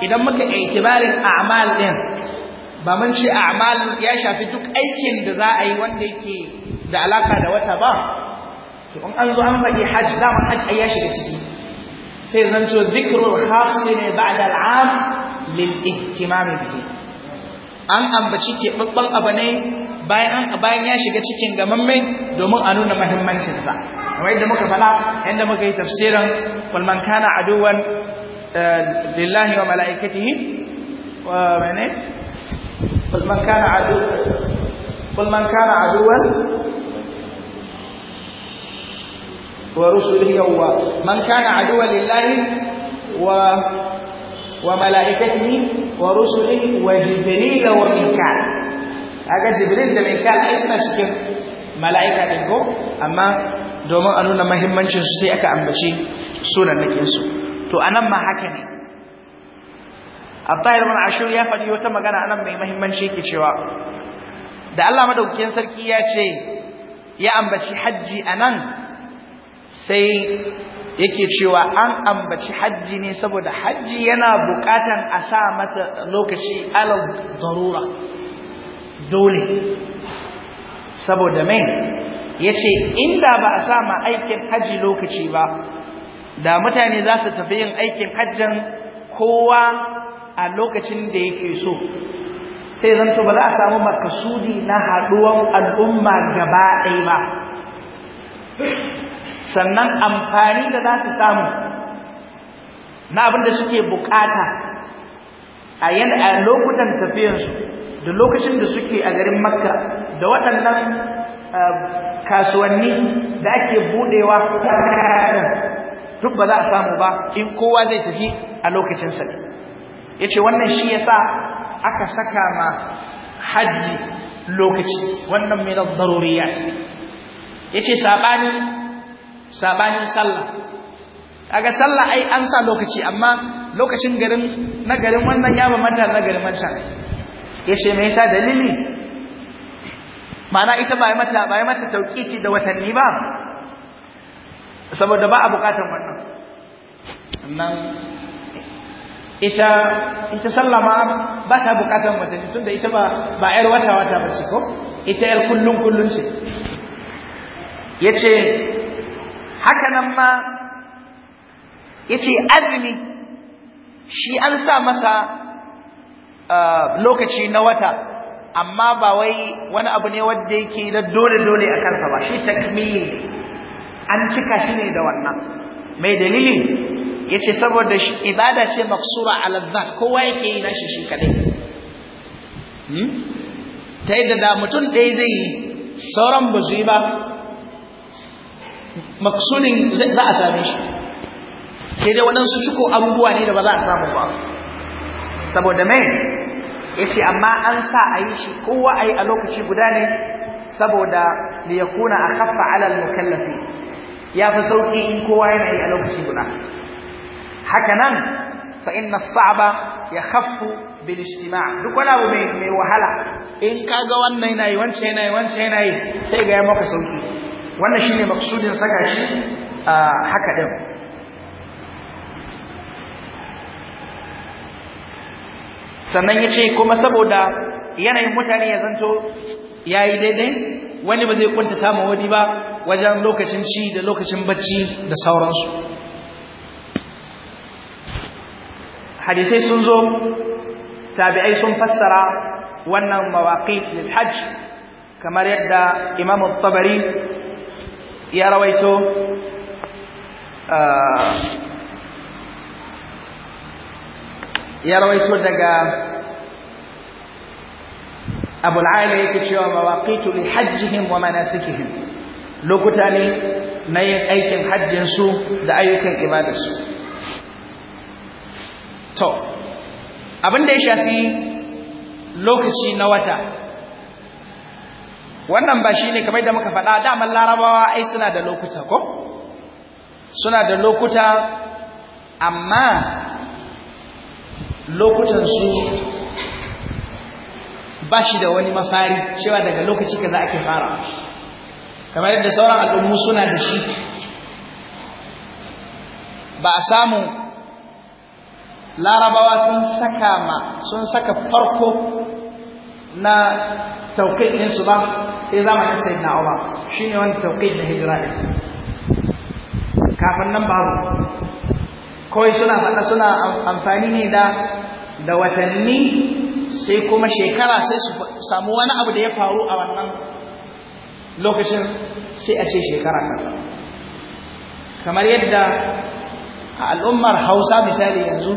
idan muka itibarin a'mal din ba mun ce a'mal ya shafi duk aikin da za a yi wanda yake da alaka da wata ba to in an zo an faɗi hajj mu hajj ai ya shiga ciki sai zanto dhikrul khas ne ba'da al'am lil ihtimam bihi an ambaci ke keɓaɓɓen abu ne bayan bayan ya shiga cikin gamamme domin a nuna muhimmancin sa kamar yadda muka fada yadda muka yi tafsirin wal man kana aduwan eh, lillahi wa malaikatihi wa mene wal man kana adu wal man kana aduwan wa rusulihi wa man kana aduwan lillahi wa wa malaikatihi wa rusulihi wa jibril wa mikail aga jibril da mai ai suna cikin mala'ika din ko amma domin a nuna muhimmancin sai aka ambaci sunannakin su to anan ma haka ne Abdullah ibn Ashur ya faɗi wata magana anan mai muhimmanci yake cewa da Allah madaukakin sarki ya ce ya ambaci hajji anan sai yake cewa an ambaci hajji ne saboda hajji yana bukatan a sa masa lokaci alal darura dole saboda mai ya ce inda ba a sama aikin hajji lokaci ba da mutane za su tafi yin aikin hajjan kowa a lokacin da yake so sai zanto ba za a samu makasudi na haɗuwan al'umma gaba ɗaya ba sannan amfani da za su samu na abinda suke bukata a lokutan tafiyansu da lokacin da suke a garin makka da waɗannan eh, kasuwanni da ake buɗewa duk ba za a samu ba in kowa zai tafi a lokacinsa sa ya ce wannan shi ya sa aka saka ma hajji lokaci wannan mai daruriya ya ce saɓanin sallah kaga sallah ai an sa lokaci amma lokacin garin na garin wannan ya bambanta na garin wancan yace me yasa dalili mana ita ba mata bai mata tauqici da watanni ba saboda ba a bukatan wannan nan ita ita sallama ba ta bukatan watanni tunda ita ba ba yar wata wata ba ce ko ita yar kullun kullun ce yace haka nan ma yace azumi shi an sa masa lokaci na wata amma ba wai wani abu ne wanda yake da dole dole a kansa ba shi takmili an cika shi ne da wannan mai dalili yace saboda ibada ce maksura ala zat kowa yake yi nashi shi kadai hmm? ta yadda da mutum ɗaya zai yi sauran ba su yi ba maksunin za a same shi sai dai waɗansu ciko abubuwa ne da ba za a samu ba saboda mai yace amma an sa a yi shi kowa ayi a lokaci guda ne saboda liyakuna akhaffa ala al-mukallafi ya fi sauki in kowa yana yi a lokaci guda haka nan fa inna as-sa'ba yakhaffu bil ijtima' duk wani abu mai wahala in kaga wannan yana yi wancan yana yi wancan yana yi sai ga ya maka sauki wannan shine maksudin saka shi ah, haka din sannan ya ce kuma saboda yanayin mutane ya zanto ya yi daidai wani ba zai ƙuntata ma wani ba wajen lokacin ci da lokacin bacci da sauransu hadisai sun zo tabi'ai sun fassara wannan mawaƙi da hajj kamar yadda imamu tabari ya rawaito uh, ya rawaito daga abul ala yake cewa mawaqitu li hajjihim wa manasikihim lokuta ne na yin aikin hajjin su da ayyukan ibada su to abin da ya shafi lokaci na wata wannan ba shi ne kamar da muka faɗa da man larabawa ai suna da lokuta ko suna da lokuta amma lokutan su ba shi da wani mafari cewa daga lokaci kaza ake fara kamar yadda sauran al'ummu suna da shi ba a samu larabawa sun saka ma sun saka farko na ɗin su ba sai zamanin sai na uba shi ne wani da na hijira kafin nan babu kawai suna faɗa suna amfani ne da da watanni sai kuma shekara sai su samu wani abu da ya faru a wannan lokacin sai a ce shekara ka kamar yadda a al'ummar hausa misali yanzu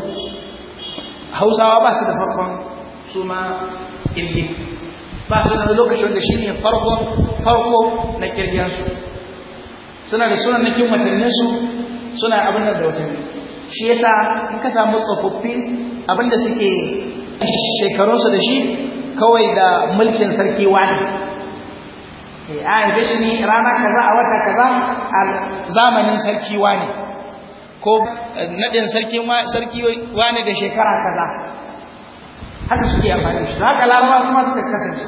hausawa ba su da farkon su ma ƙirgi ba su da lokacin da shi ne farko na ƙirgensu suna da sunan nufin watanninsu suna abin da watanni shi yasa in ka samu tsofaffi abinda suke shekarunsu da shi kawai da mulkin sarki wani eh, a haife shi ne rana kaza a wata kaza a zamanin sarki wani ko naɗin sarki wani da shekara kaza haka suke amfani shi haka larabawa kuma suka kasance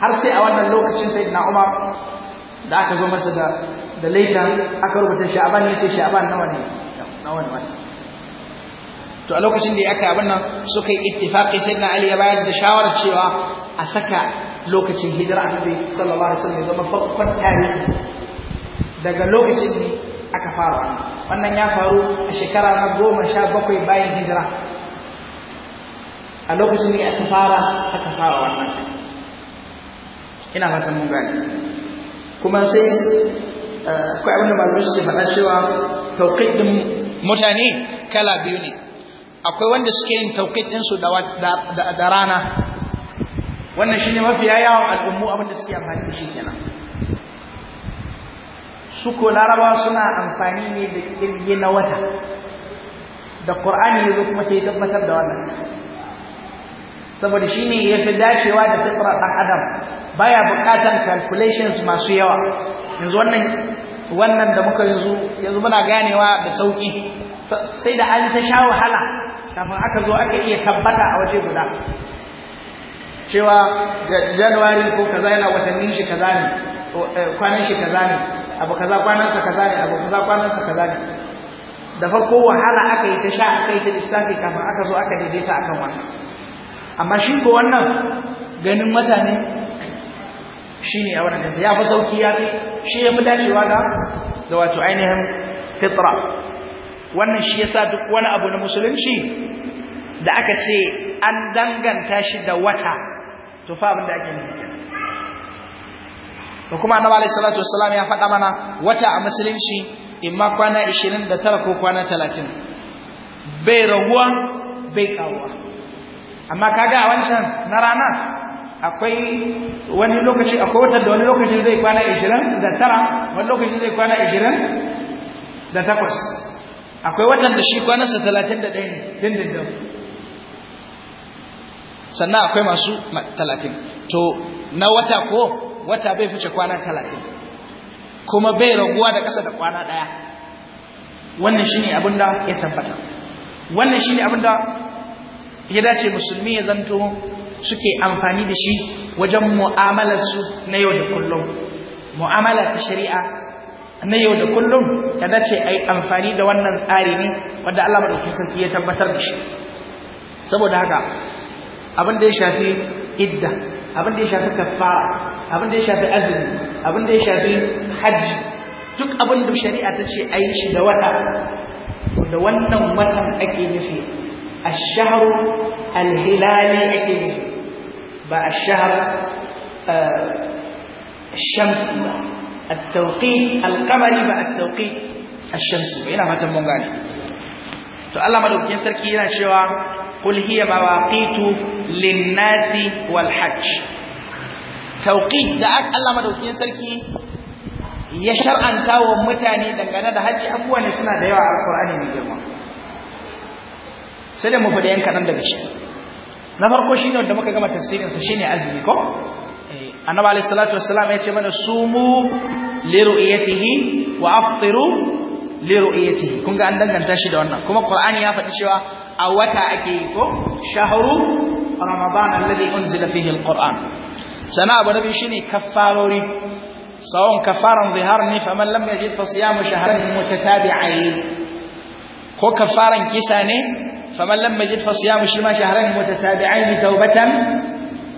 har sai a wannan lokacin sai na umar da aka zo masa da da laifin aka rubuta sha'aban ne sai sha'aban nawa ne wani wata to a lokacin da ya aka abin nan suka yi ittifaqi sai na Ali ya bayar da shawarar cewa a saka lokacin hijira annabi sallallahu alaihi wasallam ya zama farkon tarihi daga lokacin da aka fara wannan ya faru a shekara na goma sha bakwai bayan hijira a lokacin da aka fara aka fara wannan ina fatan mun gane kuma sai eh, akwai abin da malamai suke faɗa cewa tauqid din mutane kala biyu ne akwai wanda suke yin tauqit ɗinsu su da rana wannan shi ne mafiya yawon al'ummu abinda suke amfani da shi kenan su ko larabawa suna amfani ne da ƙirge na wata da ya zo kuma sai tabbatar da wannan saboda shi ne ya fi dacewa da fitrar ɗan adam baya buƙatar calculations masu yawa yanzu wannan wannan da muka yanzu yanzu muna ganewa da sauki sai da an ta sha wahala kafin aka zo aka iya tabbata a waje guda cewa januwari ko kaza yana watannin shi kaza ne eh, kwanan shi kaza ne abu kaza sa kaza ne abu kaza sa kaza ne da farko wahala aka yi ta sha aka yi ta lissafi kafin aka zo aka daidaita akan wannan amma shi ko wannan ganin mutane shi ne a wannan kansa ya fi sauki ya fi shi ya fi dacewa ga da wato ainihin fitra wannan shi ya sa duk wani abu na musulunci da aka ce an danganta shi da wata to fa abin da ake nufi da kuma annabi alaihi salatu wassalam ya faɗa mana wata a musulunci imma kwana 29 ko kwana 30 bai raguwa bai kawuwa amma kaga a wancan na rana akwai wani lokaci akwai watan da wani lokaci zai kwana 20 da tara wani lokaci zai kwana 20 da takwas akwai watan da shi kwanarsa 31 ne dindindin sannan akwai masu 30 to na wata ko wata bai fice kwana 30 kuma bai raguwa da ƙasa da kwana ɗaya wannan shi abin da ya tabbata wannan shi abin da ya dace musulmi ya zanto suke amfani da shi wajen mu'amalarsu na yau da kullum mu'amala ta shari'a na yau da kullum ya dace a yi amfani da wannan tsari ne wanda Allah maɗauki sarki ya tabbatar da shi saboda haka abin da ya shafi idda abin da ya shafi kafara abin da ya shafi azumi abin da ya shafi hajji duk abin da shari'a ta ce a yi shi da wata da wannan watan ake nufi a shaharu alhilali ake nufi ba a shahar shamsu ba a tauƙi alƙamari ba a tauƙi a shamsu ba yana matan mun gane to Allah madaukakin sarki yana cewa qul hiya mawaqitu lin-nasi wal-hajj tauqit da Allah madaukakin sarki ya shar'anta wa mutane dangane da haji abubuwa suna da yawa a Qur'ani mai girma sai da mu fada yan da daga shi na farko shi ne wanda muka gama tafsirinsa shi ne azumi ko eh, annabi alaihi salatu wassalam ya ce mana sumu li ru'yatihi wa afṭiru li ru'yatihi kun ga an danganta shi da wannan kuma qur'ani ya faɗi cewa a wata ake yi ko shahru ramadan alladhi unzila fihi alquran sana abu nabi shine kaffarori sawon kafaran zihar ne faman lam yajid fa siyamu shahrayn mutatabi'ain ko kafaran kisa ne faman lam yajid fa siyamu shi ma shahran mutatabi'ain tawbatan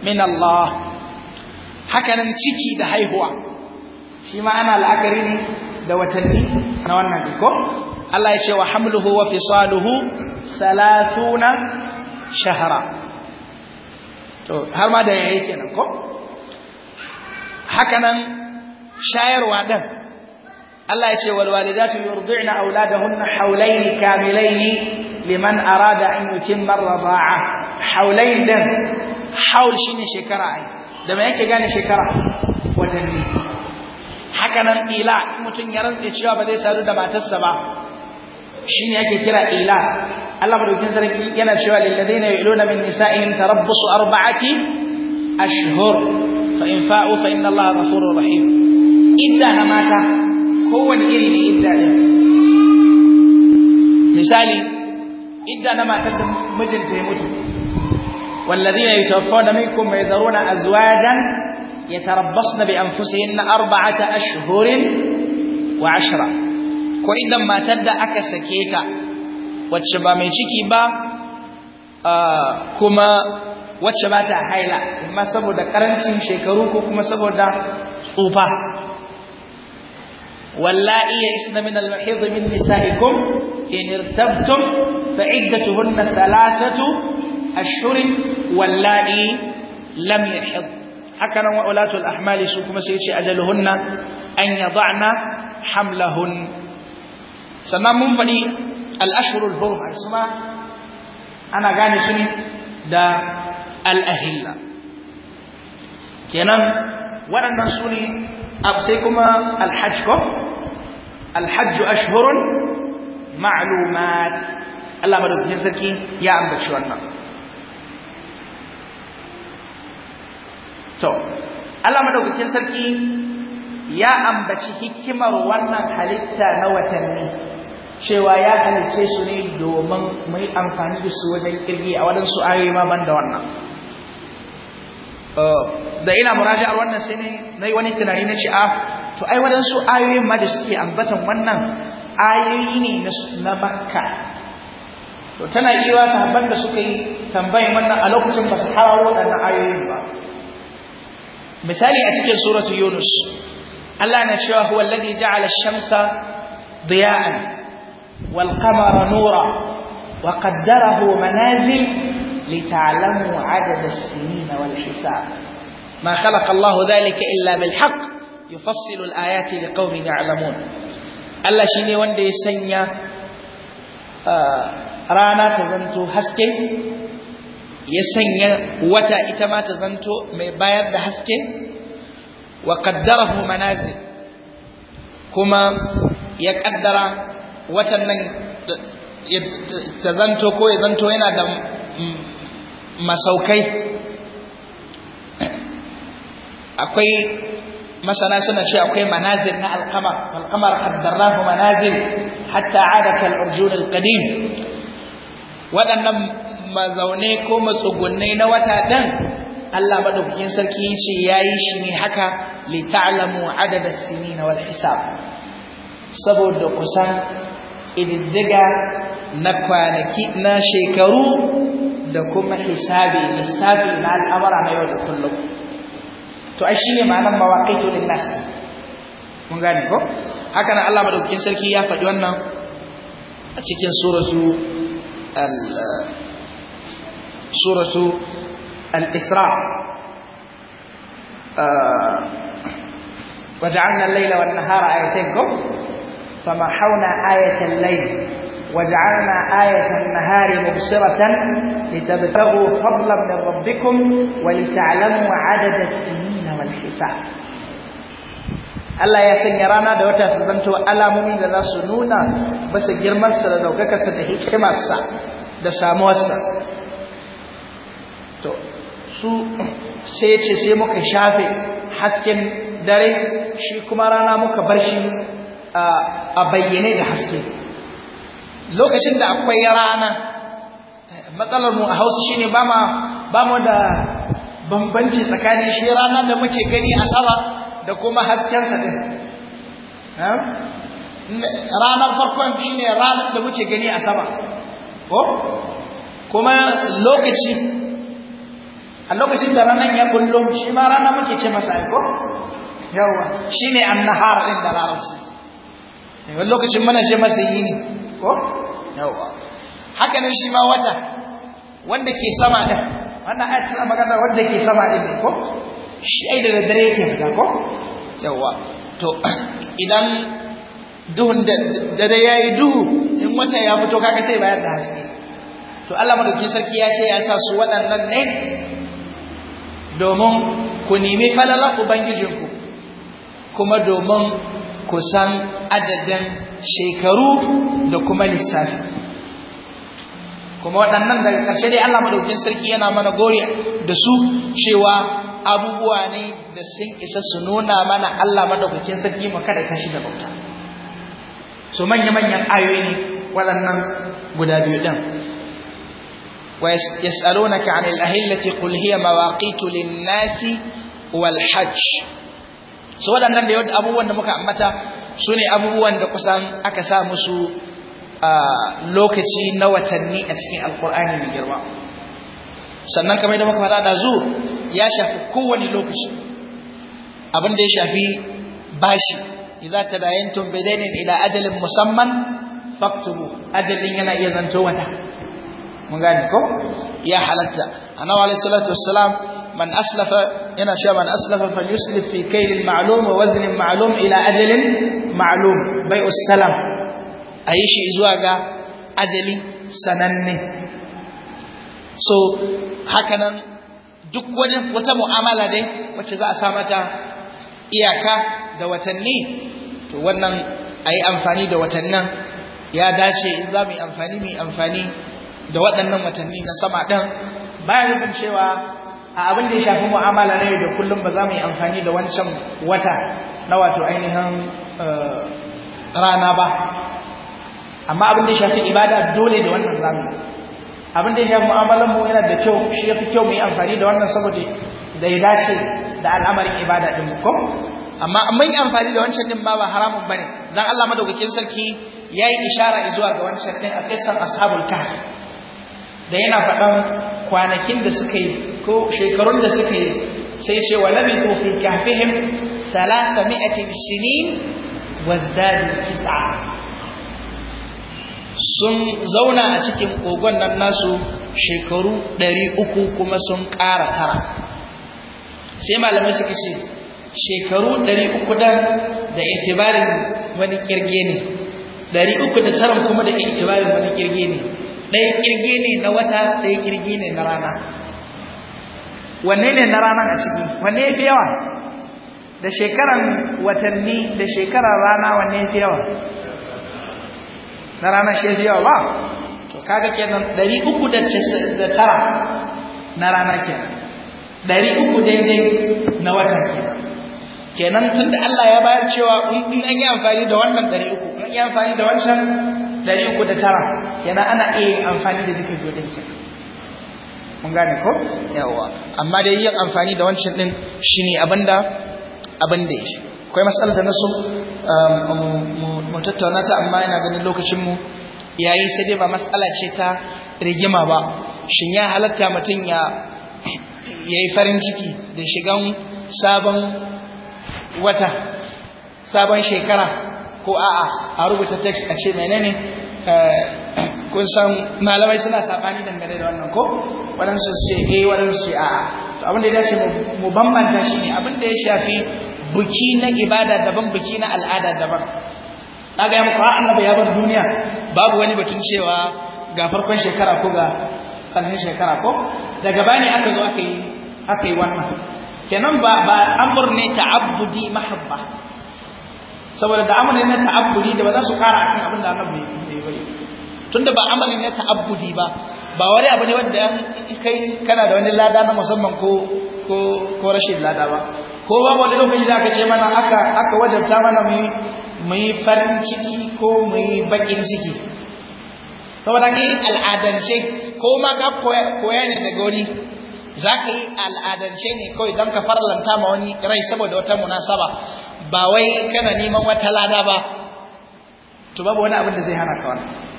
min Allah haka nan ciki da haihuwa shi ma ana la'akari ne da watanni na wannan ko Allah ya ce wa hamluhu wa fisaluhu 30 shahra to har ma da yayi kenan ko shayarwa din Allah ya ce wal walidatu yurdi'na auladahunna hawlayn liman arada an yutimma ar-rida'a haulain din haul shine shekara ai da me yake gane shekara watanni haka nan ila mutum ya rantsa cewa ba zai sadu da matarsa ba shine yake kira ila Allah madaukin sarki yana cewa lil ladina yuluna min nisa'ihim tarabbusu arba'ati ashhur fa in fa'u fa inna Allaha ghafurur rahim idda na mata kowane iri ne idda din misali idda na matar da mijinta ya mutu wallazina yatawaffawna minkum yadharuna azwajan yatarabbasna bi anfusihinna arba'ata ashhurin wa ashra ko idan matar da aka sake ta wacce ba mai ciki ba kuma wacce ba ta haila amma saboda karancin shekaru ko kuma saboda tsufa واللائي يئسن من المحيض من نسائكم إن ارتبتم فعدتهن ثلاثة أشهر واللائي لم يحض هكذا وأولاة الأحمال سوكما سيتي أجلهن أن يضعن حملهن سنامون فلي الأشهر الحرم اسمع أنا غاني سني دا الأهلة kenan waɗannan su ne sai kuma alhajj ko alhajj ashhurun ma'lumat Allah madaukakin sarki ya ambaci wannan to Allah madaukakin sarki ya ambaci hikimar wannan halitta na watanni cewa ya halice su ne domin mai amfani da su wajen kirgi a wadansu ayoyi ma ban da wannan Eh, da ina muraja'ar wannan sai na yi wani tunani na a. Ah, to ai waɗansu ayoyin ma da suke ambatan wannan ayoyi ne na makka to tana iya sahabban da suka yi tambayin wannan a lokacin ba su harawo waɗannan ayoyin ba misali a cikin suratu yunus Allah na cewa huwa alladhi ja'ala shamsa diya'an wal qamara nura wa qaddarahu manazil لتعلموا عدد السنين والحساب ما خلق الله ذلك إلا بالحق يفصل الآيات لقوم يعلمون Allah shi ne wanda ya sanya rana ta zanto haske ya sanya wata ita ma ta zanto mai bayar da haske wa qaddarahu manazil kuma ya nan ta zanto ko zanto yana da masaukai akwai masana suna ce akwai manazir na alkamar alkamar haddarnahu manazil hatta ada urjun al waɗannan mazaune ko matsugunnai na wata ɗan Allah madaukakin sarki ya yayi shi ne haka li ta'lamu adad as-sinin wal hisab saboda kusan ididdiga na kwanaki na shekaru da kuma hisabi lissafi na al'amura na yau da kullum to ai shine ma'anar mawaqaitu linnas mun gane ko haka nan Allah madaukakin sarki ya faɗi wannan a cikin suratu al suratu al-isra وجعلنا الليل والنهار آيتين فمحونا آية الليل وجعلنا آية النهار مبصرة لتبتغوا فضلا من ربكم ولتعلموا عدد السنين والحساب Allah ya sanya rana da wata su zanto alamomi da za su nuna masa girmansa da daukakarsa da hikimarsa da samuwarsa. To, su sai ce sai muka shafe hasken dare shi kuma rana muka bar shi a bayyane da haske. lokacin da akwai rana matsalar mu a hausa shine ba ma ba mu da bambanci tsakanin shi rana da muke gani a sama da kuma hasken sa din ranar farkon shine ranar da muke gani a sama ko kuma lokaci a lokacin da ranar ya kullum shi ma rana muke ce masa ko yawa shine annahar din da larabci wani lokacin muna ce masa yini ko yawa haka nan shi ma wata wanda ke sama da, wannan ayat tana magana wanda ke sama din ko shi ai da dare yake fita ko yawa to idan duhun da dare yayi duhu in wata ya fito kaga sai bayar da haske to Allah madauki sarki ya ce ya sa su waɗannan ne domin ku nemi falalar ubangijinku kuma domin ku san adadin shekaru da kuma lissafi kuma waɗannan daga ƙarshe dai Allah madaukin sarki yana mana gori da su cewa abubuwa ne da sun isa su nuna mana Allah madaukin sarki mu kada ta shi da bauta so manya manyan ayoyi ne waɗannan guda biyu din wa yas'alunaka 'anil ahillati qul hiya mawaqitu lin-nasi wal hajj so waɗannan da abubuwan da muka ambata su ne abubuwan da kusan aka sa musu lokaci na watanni a cikin alkur'ani mai girma sannan kamar da muka da zu ya shafi kowane lokaci abin da ya shafi bashi idza tadayantum bidainin ila ajalin musamman faktubu ajalin yana iya zanto wata mun gane ko ya halatta annabi alaihi salatu man aslafa yana cewa man aslafa falyuslif fi kaylin ma'lum wa waznin ma'lum ila ajalin ma'lum bai usalam ayi shi zuwa ga ajali sananne so hakanan duk wani wata mu'amala dai wacce za a sa mata iyaka da watanni to wannan ayi amfani da watannin ya dace in za mu yi amfani mu amfani da waɗannan watanni na sama ɗan, bayan rufin cewa a abin da ya shafi mu'amala na yau da kullum ba za mu yi amfani da wancan wata na wato ainihin eh, rana ba amma abin da ya shafi ibada dole da wannan zamu abin da ya shafi mu'amalan mu yana da kyau shi yafi kyau mu yi amfani da wannan saboda da ya dace da al'amarin ibada din mu ko amma mun yi amfani da wancan din ba ba haramun bane dan Allah madaukakin sarki yayi ishara zuwa ga wancan din a kissan ashabul kahf da yana faɗan kwanakin da suka yi ko shekarun da suka yi sai ce wa labithu fi kahfihim 300 sinin wazdadu tis'a sun zauna a cikin kogon nan nasu shekaru uku kuma sun ƙara tara sai malamai suka ce shekaru uku dan da itibarin wani kirge ne uku da taron kuma da itibarin wani kirge ne ɗaya kirge ne na wata ɗaya kirge ne na rana wanne ne na ranar a ciki wanne ya fi yawa da shekaran watanni da shekarar rana wanne ya fi yawa na ranar shi ya fi yawa ba to kaga kenan nan uku da na rana kenan nan uku daidai na watan kenan kenan tun da Allah ya bayar cewa in an yi amfani da wannan 300 uku in an yi amfani da wancan ɗari uku da tara kenan ana iya amfani da duka biyu ɗin kenan mun gane ko yawa amma dai yin amfani da wancan din shine abinda abin da yake akwai matsalar da nasu um, mu tattauna ta amma ina ganin lokacin mu yayi sai dai ba matsala ce ta rigima ba shin ya halatta mutum ya yayi farin ciki da shigan sabon wata sabon shekara ko a'a a rubuta text a ce menene eh, kun san malamai suna safani dangane da wannan ko waɗansu ce eh waɗansu a to abin da ya dace mu bambanta shi ne abin da ya shafi buki na ibada daban buki na al'ada daban na ga muku har annabi ya bar duniya babu wani batun cewa ga farkon shekara ko ga ƙarshen shekara ko daga bani aka zo aka yi aka yi wannan kenan ba ba amr ne ta'abbudi mahabba saboda da amr ne ta'abbudi da ba za su ƙara akan abin da annabi ya yi tunda ba amalin ya ta'abbudi ba ba wani abu ne wanda kai kana da wani lada na musamman ko ko ko rashin lada ba ko ba wani lokaci da aka ce mana aka aka wajabta mana mu mu farin ciki ko mu bakin ciki saboda ki al'adance ko ma ka koya ne daga wani za ka yi al'adance ne kawai don ka farlanta ma wani rai saboda wata munasaba ba wai kana neman wata lada ba to babu wani abin da zai hana ka wannan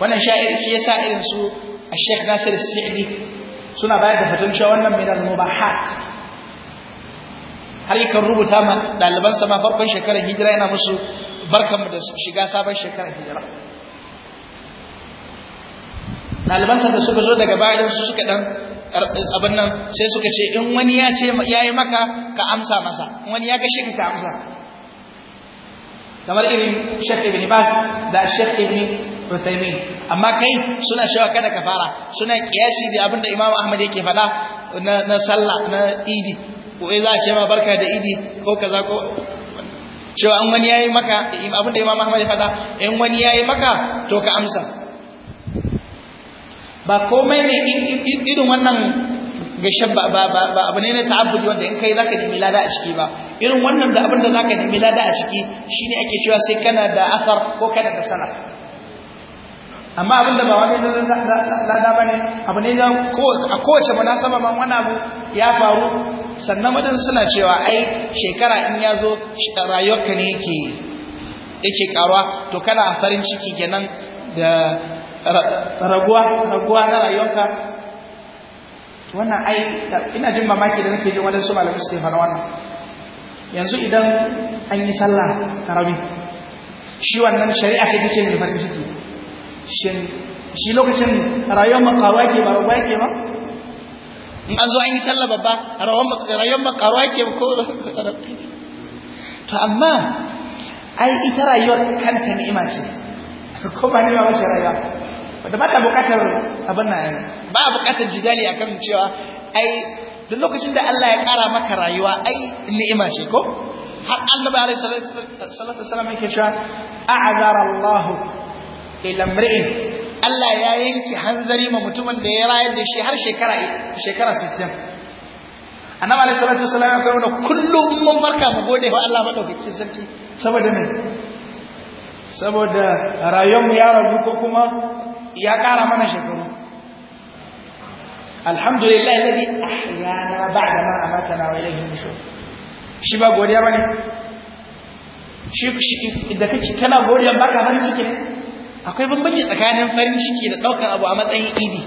wannan sha'ir shi yasa irin su Sheikh Nasir Sa'di suna bayar da fatan cewa wannan min al-mubahat har yakan rubuta ma daliban sa ma farkon shekarar hijira yana musu barkan da shiga sabon shekarar hijira daliban sa da suka zo daga bayan su suka dan abin nan sai suka ce in wani ya ce yayi maka ka amsa masa in wani ya ga shi ka amsa kamar irin Sheikh Ibn Bas da Sheikh Ibn Uthaymin amma kai suna shawa kada ka fara suna kiyasi da abin da Imam Ahmad yake faɗa na na sallah na Idi ko za a ce ma barka da Idi ko kaza ko cewa an wani yayi maka abin da Imam Ahmad ya faɗa in wani yayi maka to ka amsa ba komai ne irin wannan gashin ba ba ba abu ne na ta'abbudi wanda in kai zaka nemi lada a ciki ba irin wannan da abin da zaka nemi lada a ciki shine ake cewa sai kana da athar ko kana da sanad amma abin da ba wani lada ba ne abu ne a kowace munasaba ban wani abu ya faru sannan wajen suna cewa ai shekara in ya zo rayuwarka ne yake yake karuwa to kana farin ciki kenan da raguwa raguwa na rayuwarka wannan ai ina jin mamaki da nake jin waɗansu malamai su tefana wannan yanzu idan an yi sallah tarawih shi wannan shari'a ce take mai farin ciki shin shi lokacin rayuwar makaruwa ke ba rawa ke ba in an zo an yi sallah babba rayuwar makaruwa ke ko to amma ai ita rayuwar kanta ni'ima ce ko ba ni'ima wace rayuwa wanda ba ta bukatar abin nan ba a bukatar jidali akan cewa ai duk lokacin da Allah ya kara maka rayuwa ai ni'ima ce ko har annabi alaihi salatu wasallam yake cewa a'zara Allahu ilamri'in Allah ya yanki hanzari ma mutumin da ya rayar da shi har shekara shekara 60 annabi alaihi salatu wasallam ya kawo kullum mun barka mu gode wa Allah madaukakin sarki saboda me saboda rayon mu ya rabu ko kuma ya ƙara mana shekaru alhamdulillah alladhi ahyana ba'da ma amatana wa ilayhi nushur shi ba godiya bane shi da kake kana godiya baka farin ciki akwai bambanci tsakanin farin ciki da ɗaukar abu a matsayin idi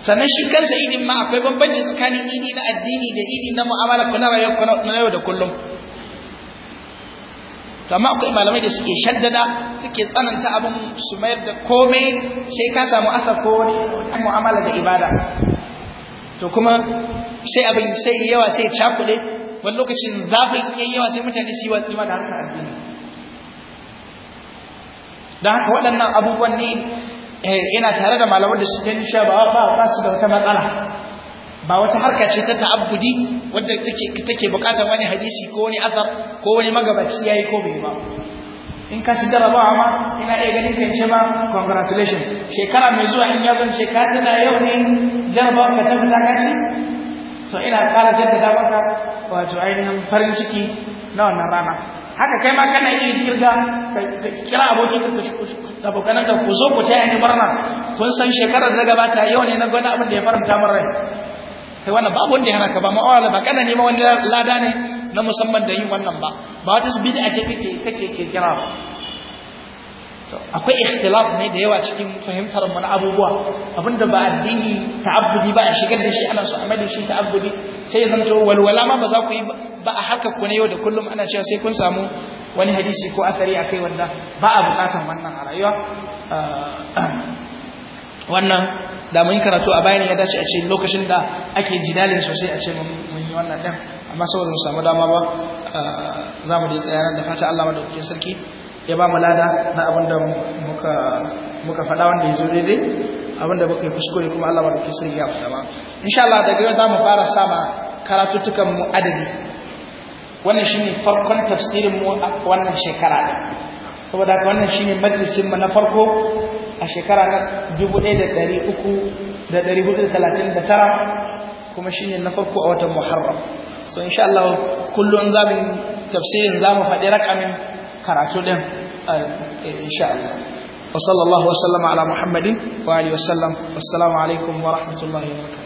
sannan shi kansa idin ma akwai bambanci tsakanin idi na addini da idi na mu'amala ku na yau da kullum to amma akwai malamai da suke shaddada suke tsananta abin su mayar da komai sai ka samu asar ko wani mu'amala da ibada to kuma sai abin sai yawa sai cakuɗe wani lokacin zafin sai yawa sai mutane su yi watsi ma da harkar addini don haka waɗannan abubuwan ne ina eh, tare da malamar da suke nisha ba ba su da wata matsala ba wata harka ce ta ta'abbudi wadda take bukatar wani hadisi ko wani asar ko wani magabaci yayi ko bai ba in ka ci jarabawa ma ina iya ganin kan ce ma congratulations shekara mai zuwa in ya zan shekara tana yau ne jarabawa ka ta fita kaci So ina kara jaddada maka wato ainihin farin ciki na wannan rana haka kai ma kana iya kirga kira abokin abokanan ka ku zo ku ta ni murna kun san shekarar da gabata yau ne na gwada abin da ya faranta min rai kai wannan babu wanda ya hana ka ba ma'awala ba kana neman wani lada ne na musamman da yin wannan ba ba wata bid'a ce kake kake ke kira ba akwai ikhtilaf ne da yawa cikin fahimtar mu na abubuwa abinda ba addini ta'abbudi ba a shigar da shi ana so a mai da shi ta'abbudi sai zan to walwala ma ba za ku yi ba a haka ku na yau da kullum ana cewa sai kun samu wani hadisi ko asari akai wanda ba a bukatan wannan a rayuwa ah, wannan da mun karatu a bayan ya dace a ce lokacin da ake jidalin sosai a ce mun yi wannan din amma saboda mu samu dama ba ah, za mu je tsaya nan da fata Allah madaukakin sarki ya ba mu lada na abin da muka muka faɗa wanda ya zo daidai abin da muka yi kuskure kuma Allah madaukakin sarki ya fasa ba insha Allah daga yau za mu fara sama karatuttukan mu adadi wannan shine farkon tafsirin mu a wannan shekara din saboda haka wannan shine majalisin mu na farko a shekara na 1439 kuma shine na farko a watan Muharram so insha Allah kullun zamu tafsirin zamu faɗi rakamin karatu din insha Allah ala Muhammadin وسلم على محمد وآله وسلم والسلام عليكم ورحمة الله وبركاته